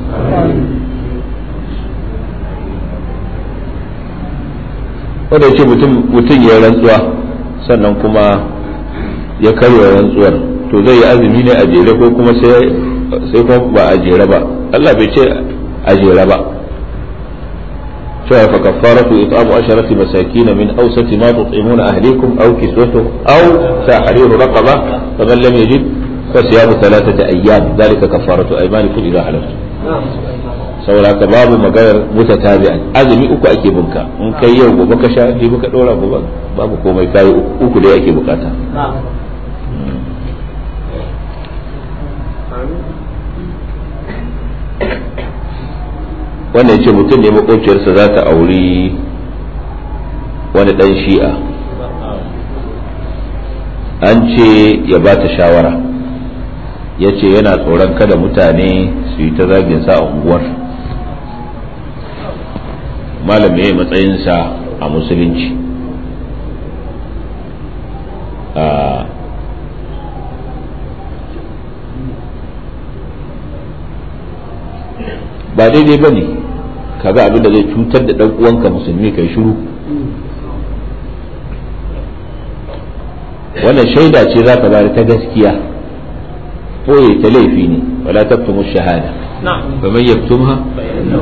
wanda ya mutum mutum ya rantsuwa sannan kuma ya karya rantsuwar to zai yi azumi ne a jere ko kuma sai kuma ba a jere ba Allah bai ce a jera ba cewa fa kaffaratu it'amu asharati masakin min awsati ma tut'imuna ahlikum aw kiswatuhum aw tahriru raqaba fa man lam yajid fa siyamu thalathati ayyam dhalika kaffaratu aymanikum idha halaftum saboda haka babu maganar mutatabi'an azumi uku ake bunka in kai yau gobe ka sha ji ka dora gobe babu komai kai uku dai ake bukata wannan ya ce mutum ne makwabciyarsa za ta auri wani ɗan shi'a an ce ya ba ta shawara ya ce yana tsoron kada mutane su yi ta sa a unguwar malam ya yi matsayinsa a musulunci ah, ba daidai ba ne ga abin da zai cutar da ɗan uwanka musulmi kai shiru wannan shaida ce za ka bari ta gaskiya koye ta laifi ne wala taftumu shahada fa man yaktumha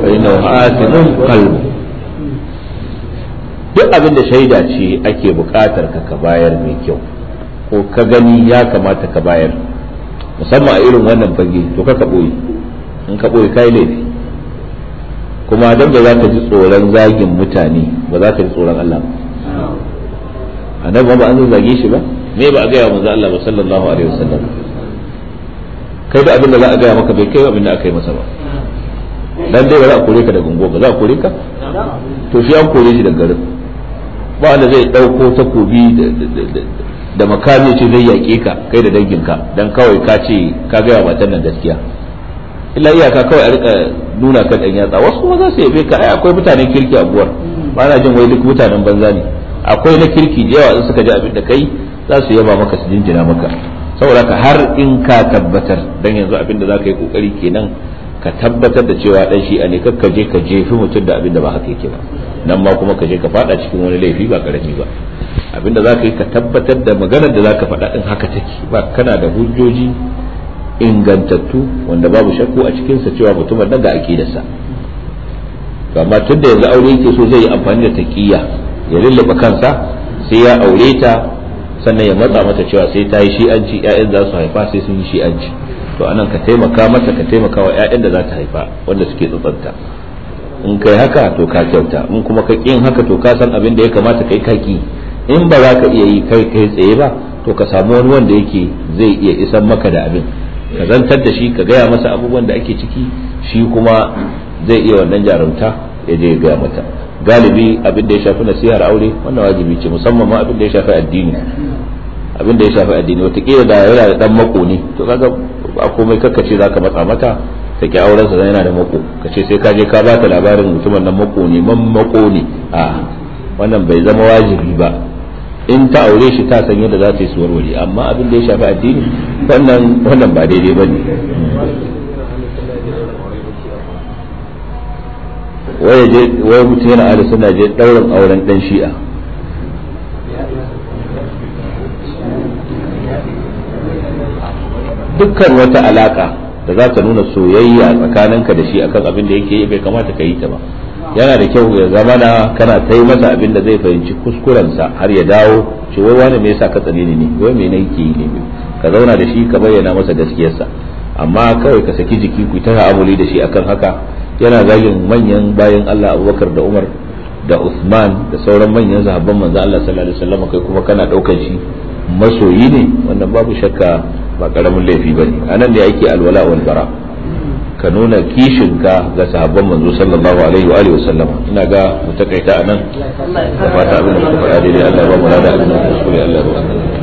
fa innahu asimun kalbu duk abin da shaida ce ake buƙatar ka ka bayar mai kyau ko ka gani ya kamata ka bayar musamman a irin wannan fage to ka ka boye in ka ka kai laifi kuma dan ba za ka ji tsoron zagin mutane ba za ka ji tsoron Allah ba annabi ba an zage shi ba me ba a gaya manzo Allah ba sallallahu alaihi wasallam kai da abin da za a gaya maka bai kai abin da aka yi masa ba dan dai ba za a kore ka da gungo ba za a kore ka to shi an kore shi da garin ba wanda zai dauko takobi da makami ce zai yaƙe ka kai da danginka dan kawai ka ce ka gaya matan nan gaskiya illa iyaka kawai a rika nuna ka dan yatsa wasu kuma za su yabe ka ai akwai mutanen kirki a buwar ba na jin wai duk mutanen banza ne akwai na kirki da yawa in suka ji abin da kai za su yaba maka su jinjina maka saboda ka har in ka tabbatar dan yanzu abin da za ka yi kokari kenan ka tabbatar da cewa dan shi'a ne ka je ka jefi mutum da abin da ba haka yake ba nan ma kuma ka je ka fada cikin wani laifi ba karami ba abin da za ka yi ka tabbatar da maganar da za ka faɗa ɗin haka take ba kana da hujjoji ingantattu wanda babu shakku a cikinsa cewa mutumin nan ga aƙidarsa to amma tun da yanzu aure yake so zai yi amfani da taƙiyya ya lullaba kansa sai ya aure ta sannan ya matsa mata cewa sai ta yi shi'anci ƴaƴan za su haifa sai sun yi shi'anci to anan ka taimaka mata ka taimaka wa ƴaƴan da za ta haifa wanda suke tsotsanta in kai haka to ka kyauta in kuma ka ƙin haka to ka san abin da ya kamata kai kaki in ba za ka iya yi kai kai tsaye ba to ka samu wani wanda yake zai iya isan maka da abin ka zantar da shi ka gaya masa abubuwan da ake ciki shi kuma zai iya wannan jarumta ya je ya gaya mata galibi abin da ya shafi nasihar aure wannan wajibi ce musamman ma abin da ya shafi addini abin da ya shafi addini wataƙila da yana da dan mako ne to kaga a komai kakka ce zaka matsa mata take aurensa zan yana da mako ka sai ka je ka bata labarin mutumin nan mako ne man mako ne a wannan bai zama wajibi ba in ta aure shi ta sanya da za ta yi suwar wuri amma abin da ya shafi addini wannan wannan ba daidai ba ne wai mutum yana ala suna je ɗaurin auren ɗan shi'a dukkan wata alaka da za ta nuna soyayya tsakaninka da shi akan abin da yake bai kamata ka yi ta ba yana da kyau ya zama na kana ta yi masa abin da zai fahimci kuskurensa har ya dawo ce wai wani me yasa ka tsane ni ne wai mai na yake yi ne ka zauna da shi ka bayyana masa gaskiyarsa amma kawai ka saki jiki ku ta amuli da shi akan haka yana zagin manyan bayan Allah Abubakar da Umar da usman da sauran manyan sahabban manzo Allah sallallahu alaihi wasallam kai kuma kana daukar shi masoyi ne wannan babu shakka ba karamin laifi bane anan ne ake alwala wal bara' ka nuna kishinka ga sahabban manzo sallallahu alaihi wa alihi wasallama ina ga mu takaita anan da fata abin da kuka faɗa daidai Allah ya ba mu rada abin da kuka Allah ya ba mu